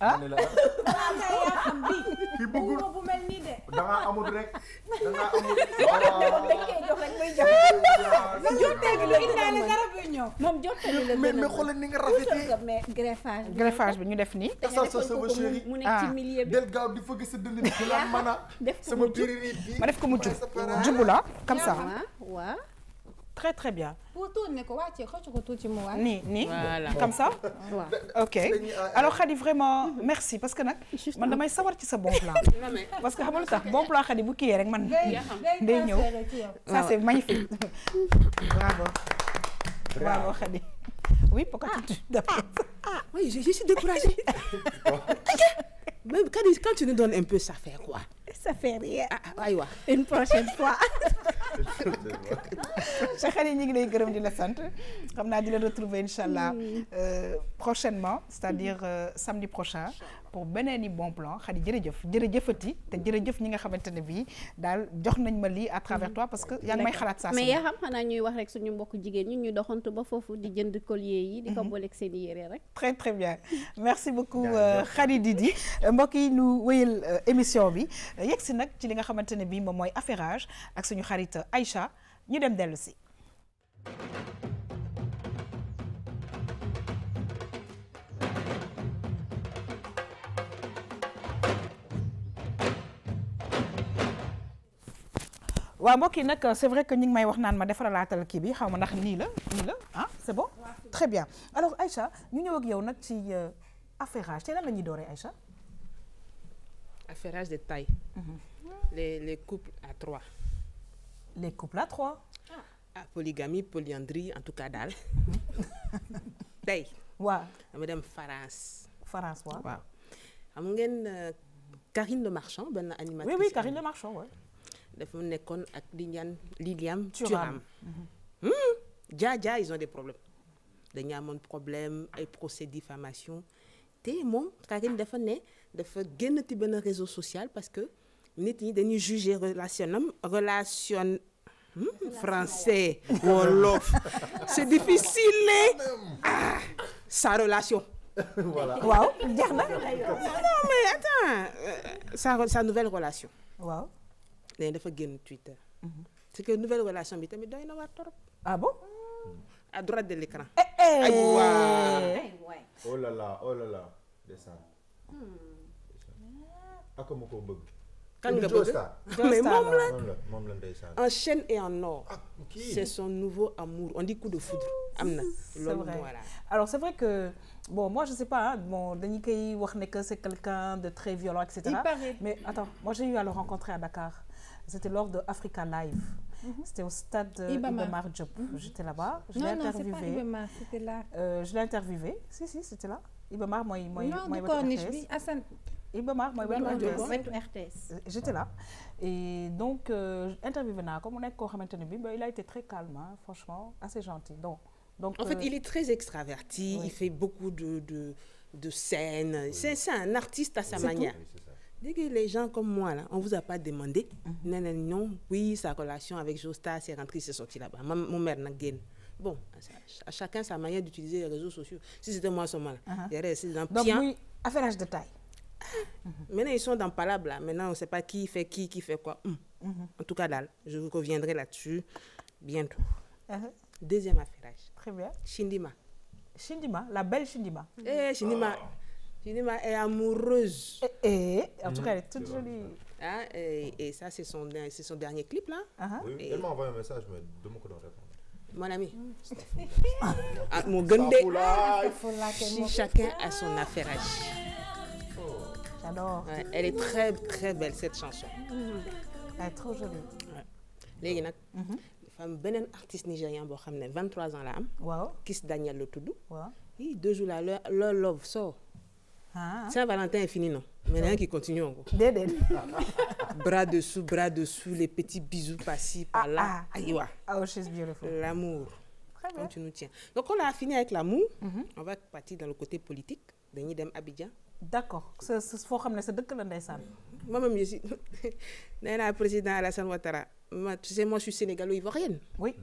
ah la xam bi. ki bëggul bu mel nii de. da ngaa amul rek. da ngaa amul rek. jox rek muy jox. moom jottali la mais mais xoolal ni nga rafetee. mais greffage bi. greffage bi ñu def nii. te mu nekk ci milieu bi. Ah. del gaaw di fëgg sa dënn bi. def ko mu jub sama périr yi. ma def ko mu jub jubula comme ça waaw. Très, très bien. Ni, ni. Voilà. Comme ça Ok. Alors, Khadi, vraiment, merci. Parce que nak, man, damay savoir ci sa bon plan. Parce que bon plan Khadi bu rek man Ça c'est magnifique. Bravo. Bravo Khadi. Oui, pourquoi tu tu ah, ah, ah, ah, oui, je, suis découragée. Mais quand, quand tu nous donnes un peu, ça fait quoi ça fait rien. Ah, ah, aywa une prochaine fois. Cheikh Ali ñu ngi lay gërëm di la sant xam di retrouver Inch'Allah, euh, prochainement c'est-à-dire euh, samedi prochain pour benen i bon plan xadi jërëjëf jërëjëfati te jërëjëf ñi nga xamantene bi dal jox nañ ma li à travers toi parce que yaa ngi may xalaat saa mais ya xam xana ñuy wax rek suñu mbokk jigen ñi ñu doxantu ba fofu di jënd collier yi di ko mhm. booleeg seen yéré rek très très bien merci beaucoup xadi euh, Didi mbokk yi ñu wëyel euh, émission bi yegg nak ci li nga xamantene bi bii moy mooy affairage ak suñu xarit Aïcha ñu dem dellu si Oui, c'est vrai que nous ngi may wax naan ma defaralaatal ki bi xawma ndax la ni la ah, c'est bon très bien alors Aïcha nous ñëw ak yow nak ci euh, affairage te lan la ñuy Aïcha affairage de taille mhm. les les couples à trois les couples à trois ah, polygamie polyandrie en tout cas dalle. Mhm. Taille. wa Madame dem France France wa Karine Le Marchand ben animatrice oui oui Karine Le Marchand ouais dafa nekkoon ak di ñaan Thuram mhm. hmm. ils ont des problèmes problème ay procès diffamation te moom Karim dafa ne dafa réseau social parce que nit ñi juger relation hmm, relation français wolof c'est difficile hein? ah. ah sa relation voilà non mais attends euh, sa nouvelle relation waaw nee dafa génn Twitter. Mhm. c'est que nouvelle relation bi tamit doy na waar torop. ah bon. à droite de l'écran. Eh, eh. ay waay oh là là oh là là descend. Hmm. Ako ma ko bëgg. kan nga bëgg mais moom la moom la ndeysaan. en chaîne et en or. Ah, c'est son nouveau amour on dit coup de foudre am na. loolu voilà alors c'est vrai que. Bon, moi, je sais pas. Hein, bon, Denis que c'est quelqu'un de très violent, etc. Il paraît. Mais attends, moi, j'ai eu à le rencontrer à Dakar. C'était lors de Africa Live. Mhm. C'était au stade Ibamar Job. Mhm. J'étais là-bas. Je l'ai interviewé. Non, pas c'était là. Euh, je l'ai interviewé. Si, si, c'était là. Ibamar, moi, moi, non, moi, moi, moi, RTS euh, j'étais là et donc euh, interviewé comme on on est koo il a été très calme hein, franchement assez gentil donc donc en fait il est très extraverti il fait beaucoup de de de scènes c'est un artiste à sa manière Dès que les gens comme moi, là, on ne vous a pas demandé, mhm. non, non, non, oui, sa relation avec Josta, c'est rentré, c'est sorti là-bas. Mon mère n'a gagné. Bon, à, chacun sa manière d'utiliser les réseaux sociaux. Si c'était moi seulement, là, uh -huh. c'est dans Donc, oui, affaire de taille. Ah, mhm. Maintenant, ils sont dans palabre, là. Maintenant, on ne sait pas qui fait qui, qui fait quoi. Hmm. Mhm. En tout cas, là, je vous reviendrai là-dessus bientôt. Uh-huh. Deuxième affaire. Très bien. Shindima. Shindima, la belle Shindima. Eh, Shindima. Ah. J'ai elle est amoureuse. Et, eh, eh, en tout cas, elle est toute mm. jolie. Ah, et, eh, ça, c'est son, son dernier clip, là. Ah, ah. oui, elle m'a envoyé un message, mais de mon côté, mon ami. Mm. mon gundé, chacun a son affaire à oh. J'adore. elle est très, très belle, cette chanson. Mm. Elle est trop jolie. Ouais. une femme benen artiste nigérien bo xamné 23 ans là, am wow kiss daniel le tuddu wow. deux jours là leur love sort ah. Saint-Valentin est fini, non Mais rien qui continue encore. bras dessous, bras dessous, les petits bisous par-ci, ah, par-là. Ah, ah. Oh, L'amour. Quand tu nous tiens. Donc, on a fini avec l'amour. Mhm. On va partir dans le côté politique. Denis Dem Abidjan. D'accord. C'est ce faut ramener ce Moi-même, je suis. Néna, président Alassane Ouattara. Tu sais, moi, je suis sénégalo-ivoirienne. Oui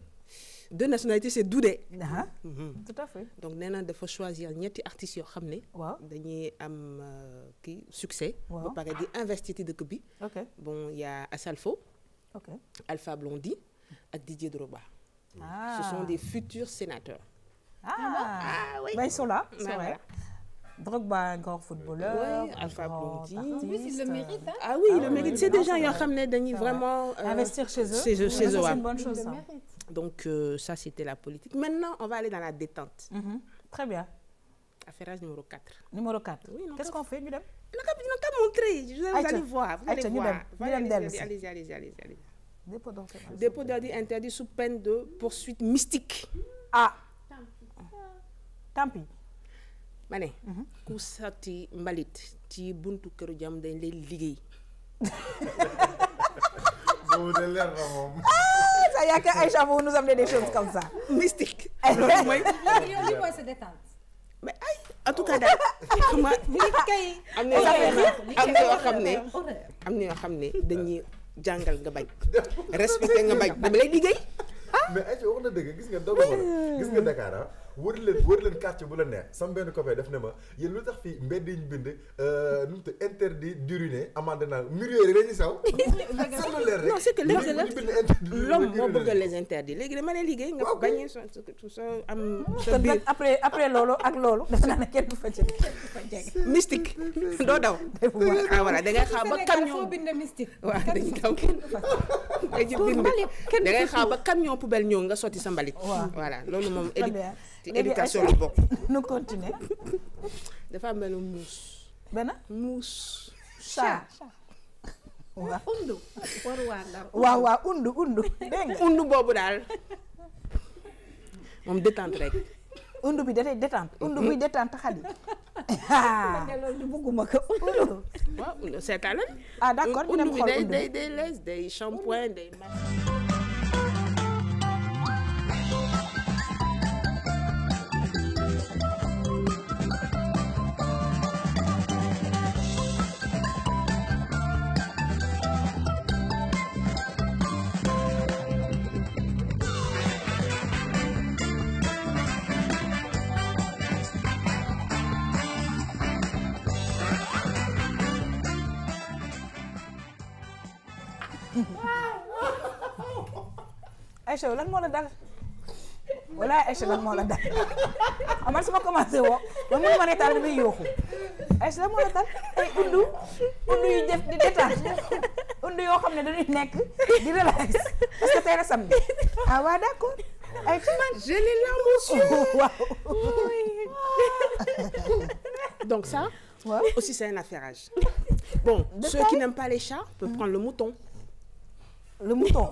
deux nationalités c'est Doudé. Mhm. tout à fait. donc il faut choisir ñetti artistes yo xamné dañuy am euh, succès. waaw ba pare di investir ci Il ok bon y' a Asalfo. ok Alpha Blondy ak Didier Droba. Ah. ce sont des futurs sénateurs. ah, ah oui ah, ils sont là c'est vrai. Drogba, un grand footballeur. Oui, Alpha Blondy. En plus, le mérite. Ah oui, il le mérite. Hein. C'est déjà, gens qui ont vraiment. Euh, investir chez eux. Chez eux, C'est une bonne chose. Ils le méritent. Donc, euh, ça, c'était la politique. Maintenant, on va aller dans la détente. Mhm. Très bien. Affaire numéro 4. Numéro 4. Qu'est-ce qu'on fait, madame n'ont avons montré. Vous allez voir. Vous allez voir. Allez-y, allez-y, allez-y. Allez Dépôt d'ordre. interdit sous peine de poursuite mystique. Ah. ah. Tant pis. Mané, mhm. mbalit ci buntu jam dañ y' a que Aïcha foofu nous amener des choses comme ça. mystique. loolu mooy. yow li mooy sa mais ay en tout cas daal xam am na yoo xam ne am na yoo xam ne dañuy jàngal nga bañ. respecté nga bañ dama lay liggéey. ah gis nga dogal gis nga Dakar ah. wër leen wër leen quartier bu la neex sama benn copain def ne ma yéen lu tax fii mbedd yi ñu bind euh, nu mu tudd interdit d'uriner amande naa mur yooyu rek dañuy saw. seetlu leen rek non c'est que léegi la l'homme moo bëgg les interdits léegi dama lay liggéey nga bañ so so am. Ah, sa biir après après loolu ak loolu def naa ne kenn du fa jege. mystique doo daw. ah voilà da ngay xaar ba camion foo bind mystique. waaw dañuy daw kenn du fa da ah, ngay xaar ba camion poubelle ñëw nga sotti sa mbalit. voilà loolu moom éducation bon nous continuer. femmes Mousse. benn undu. undu ah. undu. undu ah, undu bi undu ah d'accord Aïcha lan mo la dal walaay Aïcha lan mo la dal man su ma commencé woo man mënu ma nettaal damay yooxu Aïcha lan mo la dal ay undu undu yu def di détail undu yo xam dañuy nek di relax parce que tey la samedi ah waa d'accord ay man je l'ai là monsieur oh, waaw donc ça ouais. aussi c'est un affairage bon de ceux qui n'aiment pas les chats peuvent mmh. prendre le mouton le mouton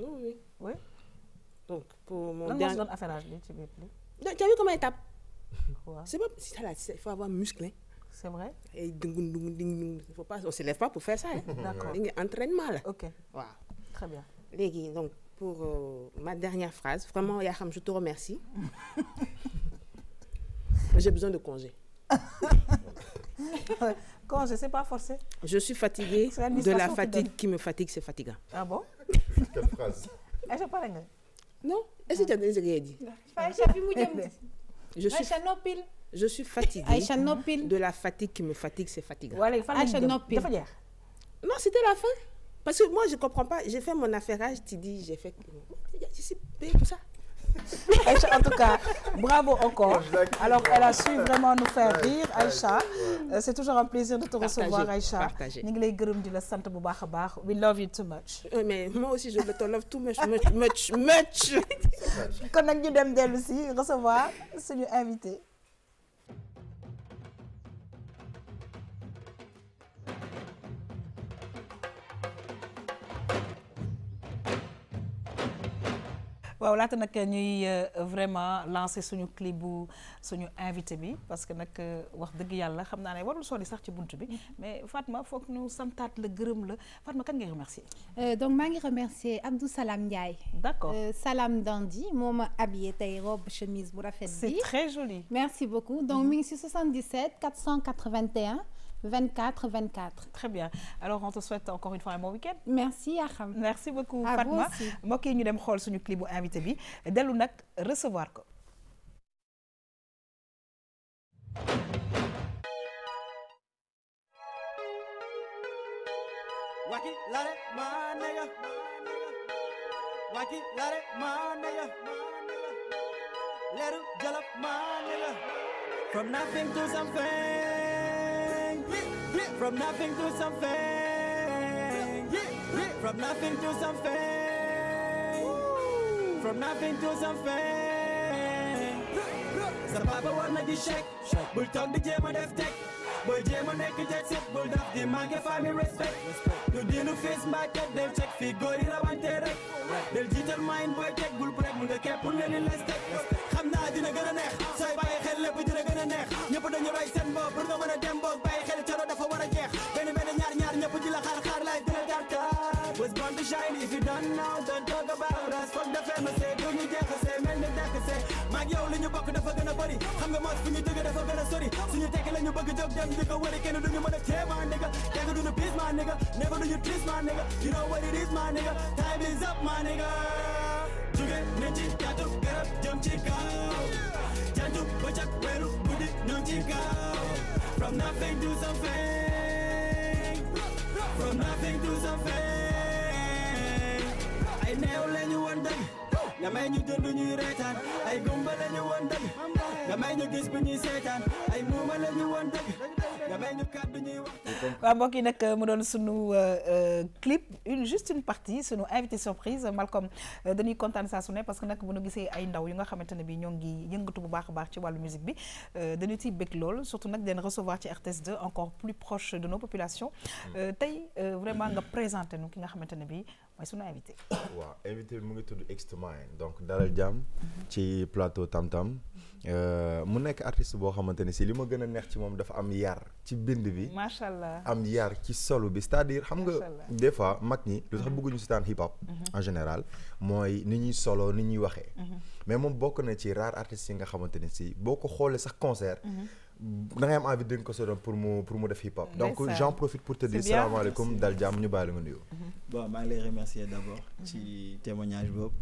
oui oui. donc pour mon. dernier... tu tu as vu comment elle tape. c'est pas si il faut avoir muscle. Hein. c'est vrai. et On ne faut pas se lève pas pour faire ça. Hein. d'accord li entraînement là. ok très bien Légui, donc pour euh, ma dernière phrase vraiment Yaham, je te remercie. j'ai besoin de congé. congé c'est pas forcer. je suis fatiguée de la fatigue qui me fatigue c'est fatigant. ah bon. Quelle phrase Aïcha pare pas non est-ce que jàng nañu si ngay ji. Aïcha fi mu jëm. je suis Aïcha noppil. je suis fatiguée. de la fatigue qui me fatigue c'est fatigant. voilà fan Aïcha noppil non c'était la fin parce que moi je comprends pas j'ai fait mon affairage tu dis j'ai fait je suis payée pour ça. Aïcha, en tout cas, bravo encore. Alors, elle a su vraiment nous faire rire, Aïcha. Euh, c'est toujours un plaisir de te recevoir, Aïcha. We love you too much. Euh, mais moi aussi, je te love too much, much, much, much. Quand on dem aussi, recevoir, c'est invité. waaw euh, vraiment lancer ce clip invité parce que euh, mm-hmm. mais Fatma faut que nous Fatma remercier. Euh, donc je remercier Abdou Salam Ndiaye. d'accord Salam Dandi, Mom habillé robe chemise c'est très joli. merci beaucoup donc 1677 mm-hmm. 481. 24 24. Très bien. Alors, on te souhaite encore une fois un bon week-end. Merci, Akham. Merci beaucoup, à Fatma. mbokk yi ñu dem xool suñu clip bu invité bi dellu nak recevoir ko. Waki lare ma nega Waki lare ma nega Leru jalap ma nega From nothing to something From nothing to something. Yeah, yeah. From nothing to something. Woo. From nothing to something. Sababa wanna di shake. Bulldog the jam def tech. Boy jam on naked jet set. Bulldog the market find me respect. You deal nu face market. They'll check figure it out and They'll jitter mind boy tech. Bull break. Munga cap. Pull any less tech xam naa dina gën a neex sooy bàyyi xel lépp dina gën a neex ñëpp dañu rey seen bopp pour nga mën a dem boog bàyyi xel coro dafa war a jeex benn benn ñaar ñaar ñëpp di la xaar xaar laay dina gàrtaar was born to shine if you don't know don't talk about us foog dafee ma see du ñu jeexasee mel ni dekk see maag yow li ñu bokk dafa gën a bëri xam nga moos fi ñu jóge dafa gën sori suñu tekk la bëgg jóg dem di wëri kenn duñu mën a nigga tekk duñu piis maa nigga never duñu triis maa nigga you know what it is my nigga time is up my nigga 죽였는지 나도 가렴지가 잔뜩 활짝 외로 무는 눈치가 From nothing to something From nothing to something ay neew lañu woon dëgg nga may ñu jënd ñuy reetaan ay gumba lañu woon dëgg nga may ñu gis bu ñuy seetaan ay muuma lañu woon dëgg waaw mbokk que nag euh, mu doon sunu euh, euh, clip une juste une partie sunu invité surprise Malcolm dañuy kontaan saa su parce que nak bu ñu gisee ay ndaw yu nga xamante ne bi ñongi yëngatu bu baax baax ci walu musique bi dañu ci lol lool surtout nak den recevoir ci RTS 2 encore plus proche de nos populations mm. tay vraiment nga présenté nous ki nga xamante ne bi mooy sunu invité wa invité mu ngi X donc dalal jam, ci plateau Tam Tam euh, mu nekk artiste boo xamante ne si li ma gën a neex ci moom dafa am yar ci bind bi. macha allah am yar ci solo bi c'est-à-dire xam nga des fois mag ñi. lu tax mhm. bëgguñu seetaan hip hop. Mhm. en général mooy ni ñuy solo ni ñuy waxee. Mhm. mais moom bokk na ci rare artiste yi nga xamante ne si boo ko xoolee sax concert. da ngay am envie de ko solo pour mu pour mu def hip hop. donc j'en profite pour te dire salaamaaleykum dal jàmm ñu bàyyi la nga nuyu. bon maa ngi lay remercier d'abord ci témoignage boobu.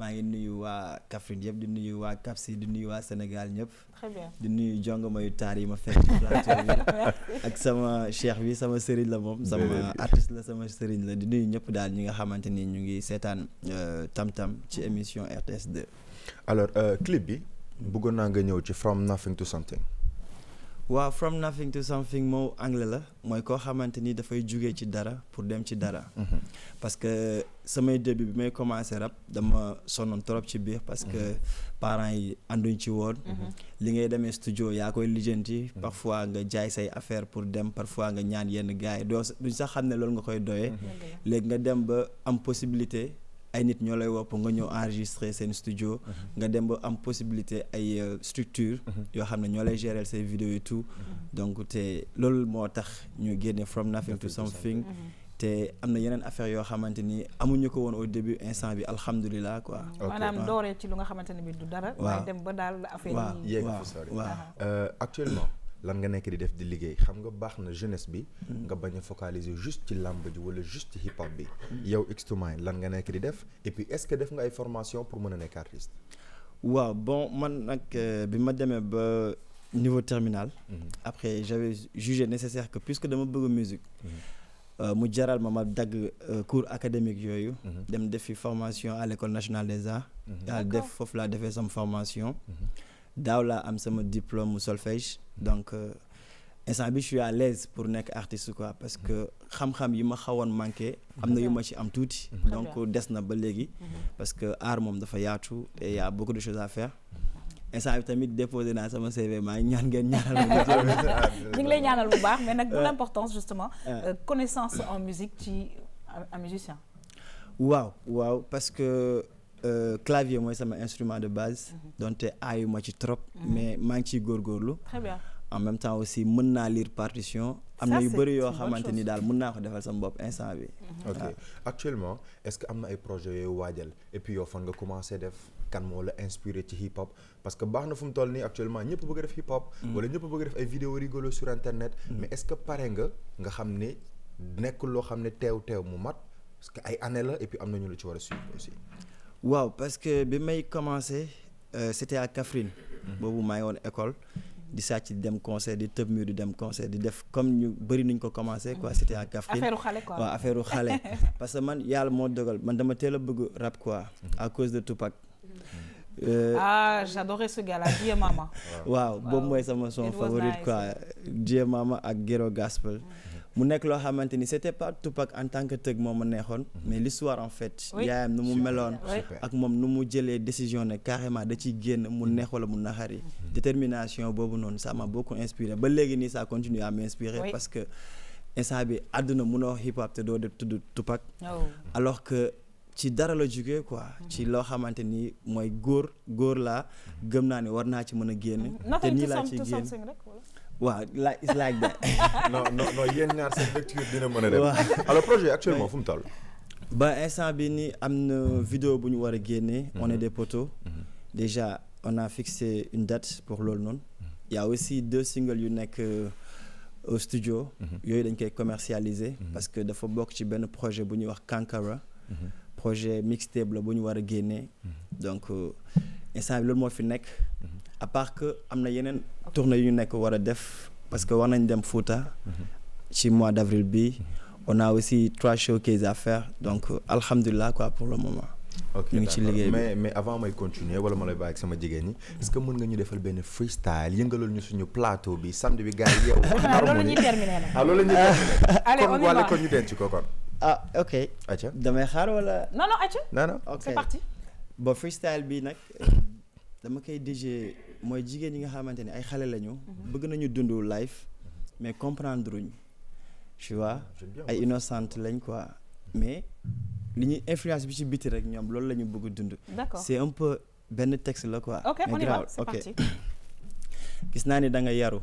maa ngi nuyu waa Kaffrine yëpp di nuyu waa Cap Sud di nuyu waa Sénégal ñëpp. di nuyu jongoma yu taar yi ma fekk ci ak sama cheikh bi sama sëriñ la moom. sama artiste la sama sëriñ la di nuyu ñëpp daal ñi nga xamante ni ñu ngi seetaan euh, Tam Tam ci émission RTS 2. Euh, clip bi. bëggoon naa nga ñëw ci From Nothing to Something. waaw from nothing to something moo anglais la mooy koo xamante nii dafay jugee ci dara pour dem ci dara. Mm-hmm. parce que samay début bi may commencé rap dama sonnoon trop ci biir parce que mm-hmm. parents yi ànduñ ci woon. Mm-hmm. li ngay demee studio yaa koy lijjanti. parfois nga jaay say affaire pour dem parfois nga ñaan yenn gars yi doo duñ sax xam ne loolu nga koy doyee. léegi nga dem ba am possibilité. ay nit ñolay wop nga ñëw enregistrer seen studio mhm. nga dem ba am possibilité ay euh, structure mhm. Yo xam ñolay gérer say vidéos et tout mhm. donc té lool moo tax ñu guéné from nothing to something té amna yenen affaire yo xamanteni amuñu ko won au début instant bi alhamdoulillah quoi. manam dooree ci lu nga xamanteni bi du dara. waaw dem ba dal affaire yi. waaw euh actuellement lan nga nek di def di liggéey xam nga baax na jeunesse bi. Mm-hmm. nga bañ a focaliser juste ci làmb ji wala juste hip hop bi. Mm-hmm. yow X2Mind lan nga nek di def et puis est-ce que def nga ay formation pour mën a nekk artiste. waaw bon man nag euh, bi ma demee ba niveau terminal. Mm-hmm. après j'avais jugé nécessaire que puisque dama bëgg musique. Euh, mu jaral ma ma dagg euh, cours académique yooyu. dem defi formation à l'école nationale des arts. daal def foofu laa defee sama formation daaw am sama diplôme mu solfège donc euh, instant bi je suis à l'aise pour nek artiste quoi parce que xam-xam yi ma xawoon manqué am yu ma ci am touti mhm. donc euh, des na ba légui mhm. parce que art mom dafa yaatu il y a beaucoup de choses à faire et instant bi tamit déposé naa sama CV mais ngi ñaan ngeen ñaanal ñu ngi lay ñaanal bu baax mais nag bu euh. l'importance justement connaissance en musique ci un musicien waaw waaw parce que euh, clavier c'est sama instrument de base. Mhm. donte moi ci trop. Mhm. mais maa ngi ciy góorgóorlu. très bien en même temps aussi mën lire partition. amna yu bëri yo xamanteni dal daal ko defal sama bopp instant bi. Mhm. ok actuellement est-ce que amna ay projet yo waajal et puis yo fan nga commencé def kan mo la inspiré ci hip hop parce que baxna fum fu toll actuellement ñepp bëgg def hip hop. Mm. wala ñepp bëgg def ay vidéo rigolo sur internet. Mm. mais est-ce que pare nga nga xam ne nekkul loo tew ne mu mat parce que ay année la et puis amna ñu lu ci wara suivre aussi. Wow, parce que bi may commencé euh, c'était à Kafrine, mhm. boobu maa école. di sàcc di dem concert di tëb mur di dem concert di def comme nous bëri nous ko commencé quoi mhm. c'était à Kafrine. affaire chalet quoi waaw affaire chalet. parce que man y a le man dama teel a bëgg rap quoi mhm. à cause de Tupac. Euh, ah j'adorais ce gars-là Dieu Mama. bon moi mooy sama son favorite quoi Dieu Mama ak Gero Gospel mu nekk loo xamante c'était pas Tupac en tant que tëgg moo ma neexoon mhm. mais l'histoire en fait yaayam nu mu meloon ak moom nu mu jëlee décision ne carrément da ciy génn mu mhm. neex wala mu naxari mhm. détermination boobu noonu ça m'a beaucoup inspiré ba léegi nii ça continue à m'inspirer parce que instant bi àdduna mënoo hip hop te doo def tudd Tupac oh. alors que ci dara la jógee quoi ci loo xamante ni mooy góor góor laa gëm naa ne war naa ci mën a génn te nii laa ci génn waaw la it's like that. non non non yéen ñaar seen lecture dina mën a dem. alors projet actuellement fu mu toll. ba instant bi ni am na vidéo bu ñu war a génnee. Mhm. on est des poteaux. Mhm. déjà on a fixé une date pour loolu noonu. Mhm. y a aussi deux singles yu nekk euh, au studio. yooyu dañ koy commercialiser. parce que dafa bokk ci benn projet bu ñuy wax Kankara. projet mixtape la bu ñu war a génnee. donc euh, instant bi loolu moo fi nekk à part que amna yenen tournée yu def parce que dem Fouta. ci mois d'avril bi. on a aussi trois showcases à faire donc alhamdullah quoi pour le moment. mais mais avant continuer wala ma ak sama ni. est-ce que meun nga ñu ben freestyle yëngalal ñu suñu plateau bi samedi bi gaay yow. Ah, loolu ah, ñu terminé allez on va ah ok. wala. non non non non c'est parti. bon freestyle bi nak dama kay moy jigéen ñi nga xamante ay xalé lañu. bëgg nañu dund life mais comprendre luñ tu vois ay innocente lañ quoi mais li ñuy influence bi ci biti rek ñom loolu lañu bëgg dund. c'est un peu ben texte la quoi. ok on y va c'est parti gis naa ni da nga yaru.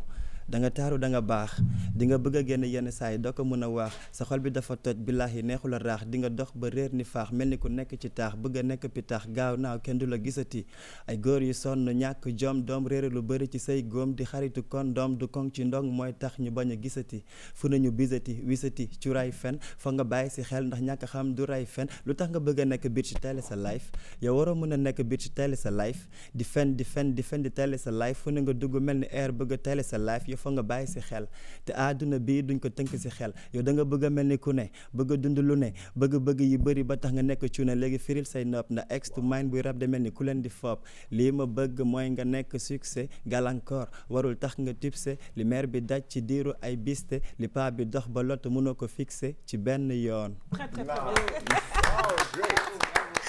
da nga taaru da nga baax di nga bëgg génn yenn saa yi doo ko mën a waax sa xol bi dafa toj billaahi neexul a raax di nga dox ba réer ni faax mel ni ku nekk ci taax bëgg a nekk pi taax gaaw naaw kenn du la gisati ay góor yu sonn ñàkk jom doom réere lu bëri ci say góom di xaritu kon doom du koŋ ci ndong mooy tax ñu bañ a gisati fu nañu bisati wisati curay fen fa nga bàyyi si xel ndax ñàkk xam du ray fen lu tax nga bëgg a nekk biir ci télé sa life yow waroo mën a nekk biir ci télé sa life di fen di fen di fen di télé sa life fu ne nga mel ni air bëgg il faut nga bàyyi si xel te àdduna bii duñ ko tënk si xel yow da nga bëgg a mel ni ku ne bëgg dund lu ne bëgg-bëgg yi bëri ba tax nga nekk cuune léegi firil say nopp na ex to mind buy rab de mel ni ku leen di foop lii ma bëgg mooy nga nekk succès gàllankoor warul tax nga tipse li maire bi daj ci diiru ay biste li paa bi dox ba lot mënoo ko fixé ci benn yoon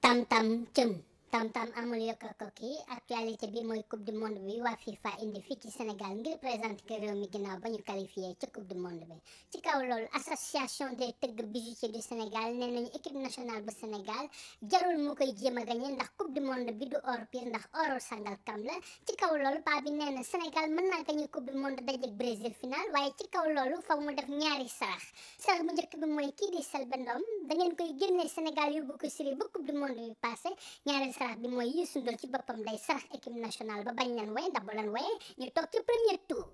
Tâm tâm chân tam-tam amul yokk ko kii actualité bi mooy coupe du monde bi waa FIFA indi fii ci Sénégal ngir présenter que réew mi ginnaaw ba ñu qualifié ci coupe du monde bi du Sénégal nee a ndax coupe sangal kam la ci kaw loolu pa bi Sénégal mën naa gagné coupe du monde dajeek Brésil final waaye ci kaw loolu faw mu def ñaari sarax sarax bu njëkk bi mooy kii di Selbé Ndom da ngeen koy génnee Sénégal yóbbu ko Syrie ba coupe du monde bi passé ñaareel sarax bi mooy Youssou Ndour ci boppam sarax équipe nationale ba bañ nan waye dabu lan waye ñu toog ci premier tour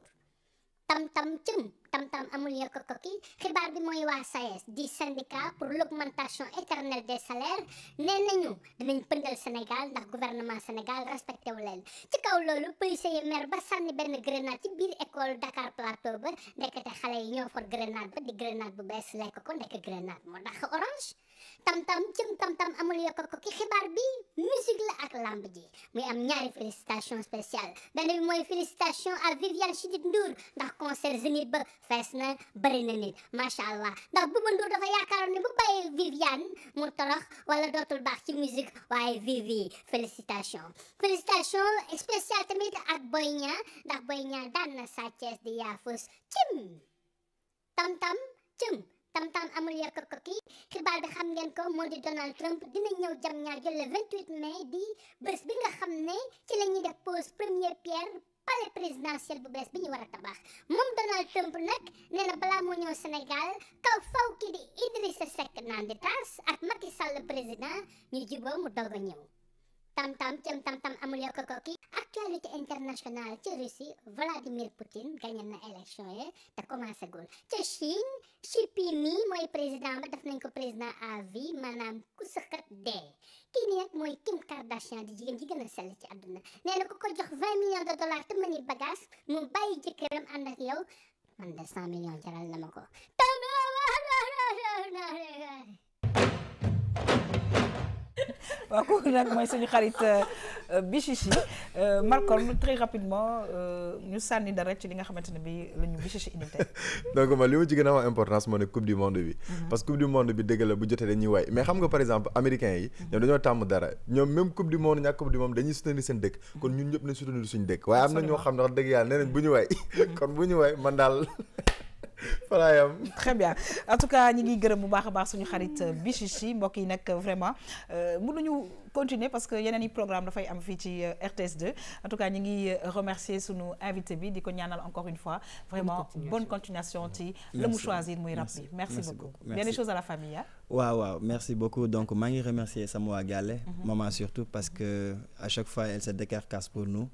tam tam cëm tam tam amul yokk kokki xibaar bi mooy waa SAES e di syndicat pour l'augmentation éternelle des salaires nee nañu dinañ pëndal Sénégal ndax gouvernement Sénégal respecté wu leen ci kaw loolu policier yi mer ba sànni benn grenade ci biir école Dakar Plateau ba ndekete xale yi ñoo for grenade ba di grenade bu bees lekk ko ndekk grenade moo tax orange tam-tam jëm tam-tam amul yokk ki xibaar bi musique la ak lamb ji muy am ñaari félicitation spéciale ben bi moy félicitation à Viviane chidit Ndour ndax concert zenith ba fees na na nit macha allah ndax Bouba Ndour dafa yaakaaroon ni bu baye Viviane mu torox wala dotul bax ci musique waye Vivi félicitation félicitation spéciale tamit ak Boy ndax Boy dan na Sa ties di yafus cim tam-tam cim tam-tam amul yar ko ki xibaar bi xam ngeen ko moo di Donald Trump dina ñëw jam ñaar jël le 28 mai di bés bi nga xam ne ci la def pose première pierre palais présidentiel bu bees bi ñu war tabax moom Donald Trump nag nee na balaa mu ñëw Sénégal kaw faw ki di Idrissa sek naan di taas ak Macky Sall président ñu juboo mu doog a ñëw tam-tam cëm tam-tam amul ki actualité internationale ci Russie Vladimir Putin gagné na élection yi te commencé gul ci Chine shippi mii mooy président ba def nañ ko président à vie maanaam ku sëqat dee kii nii nag mooy Kim Kardashian di jigéen ji gën a sell ci àdduna nee na ko jox vingt millions de dollars te mën i bagage mu bàyyi jëkkëram ànd ak yow man de cent millions jaral na ma ko waaw kooku nag mooy suñu xarit euh, euh, Bichichi euh, Malcolm très rapidement ñu sànni dara ci li nga xamante bi la ñu indi tey donc man li ma ci gën a am importance moo ne coupe du monde bi mhm. parce que coupe du monde bi dëgg la bu jotee dañuy waay mais xam nga par exemple américains yi mhm. ñoom dañoo tàmm dara ñoom même coupe du monde ñàkk coupe du monde dañuy soutenir seen dëkk kon ñun ñëpp nañ soutenir suñu dëkk waaye am na ñoo xam ne dëgg yàlla nee bu très bien en tout cas ñi ngi gëreum bu baax suñu xarit euh, Bichichi mbokk yi vraiment euh, continuer parce que yeneen un programme fay am fi ci euh, RTS 2 en tout cas nous ngi euh, remercier sunu invité bi diko ñaanal encore une fois vraiment bonne continuation ci le mu muy rap merci beaucoup bien des choses à la famille hein? merci beaucoup donc maa ngi remercier sama mhm. maman surtout parce que à chaque fois elle se décarcasse pour nous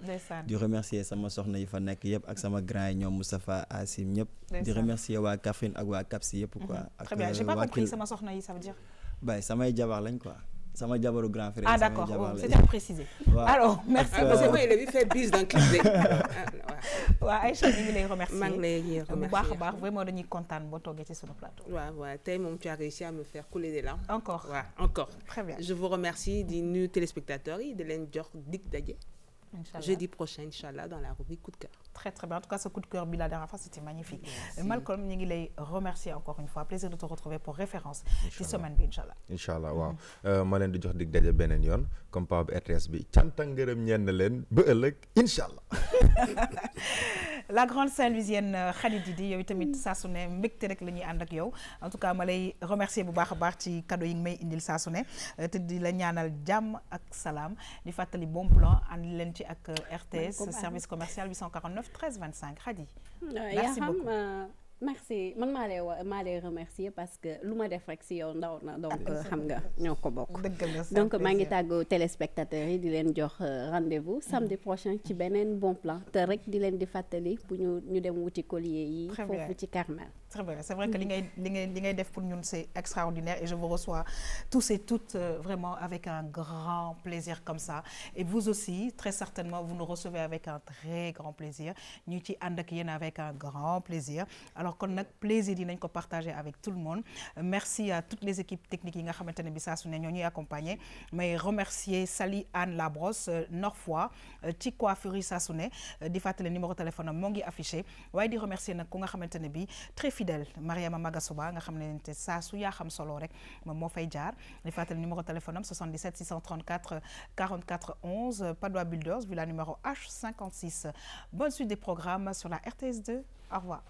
di remercier sama soxna yi fa nekk yépp ak sama grand yi ñoom Moustapha Asim ñëpp di remercier waa Kaffrine ak waa Kapsi quoi mhm. très bien euh, j'ai pas compris sama soxna yi ça veut dire bay samay jabar lañ quoi sama grand frère. ah d'accord c'est à préciser. alors merci beaucoup parce que vu fait bise dans clip clavier. Ah, waaw Aïcha ñu ngi lay remercier. maa ngi lay remercier bu vraiment dañuy kontaan boo toogee ci plateau. Ouais, ouais. tey tu as réussi à me faire couler des larmes. encore Ouais. encore. très bien je vous remercie dit nous, téléspectateurs et de leen jox jeudi prochain inchallah dans la rubrique coup de cœur très très bien en tout cas ce coup de cœur bi la dernière c'était magnifique Merci. Malcolm ñu lay encore une fois plaisir de te retrouver pour référence Cette semaine bi inchallah inchallah waaw euh, ma leen di jox dig daje comme par bu bi ñenn inchallah la grande Saint-Louisienne euh, Khady Didi yow tamit saa su ne rek la ñuy yow en tout cas malay remercie remercier bu baax baax ci cadeau yi may indil sa su euh, te di la ñaanal jàmm ak salam. di fàttali bon plan ci ak euh, RTS hein. service commercial 849 13 25 merci beaucoup merci man maa les remercier parce que lu ma def rek si yow donc ah, xam nga donc maa ngi aux téléspectateurs et di leen euh, rendez-vous samedi mm-hmm. prochain ci un bon plan te rek di leen di fàttali bu ñu ñu dem wuti collier yi. foofu ci Carmel. C'est vrai, c'est vrai que l'ingénieur pour c'est extraordinaire et je vous reçois tous et toutes euh, vraiment avec un grand plaisir comme ça. Et vous aussi, très certainement, vous nous recevez avec un très grand plaisir. Nous sommes avec un grand plaisir. Alors, qu'on a plaisir de partager avec tout le monde. Merci à toutes les équipes techniques qui nous ont accompagnés. Mais remercier Sally Anne Labrosse, euh, Norfois, Tikwa Furi Sassoune, qui le numéro de téléphone est affiché. Je remercier très fidèle Mariama Magasuba nga xamné té sa su ya xam solo rek téléphone 77 634 44 11 Padua Builders villa numéro H56 bonne suite des programmes sur la RTS2 au revoir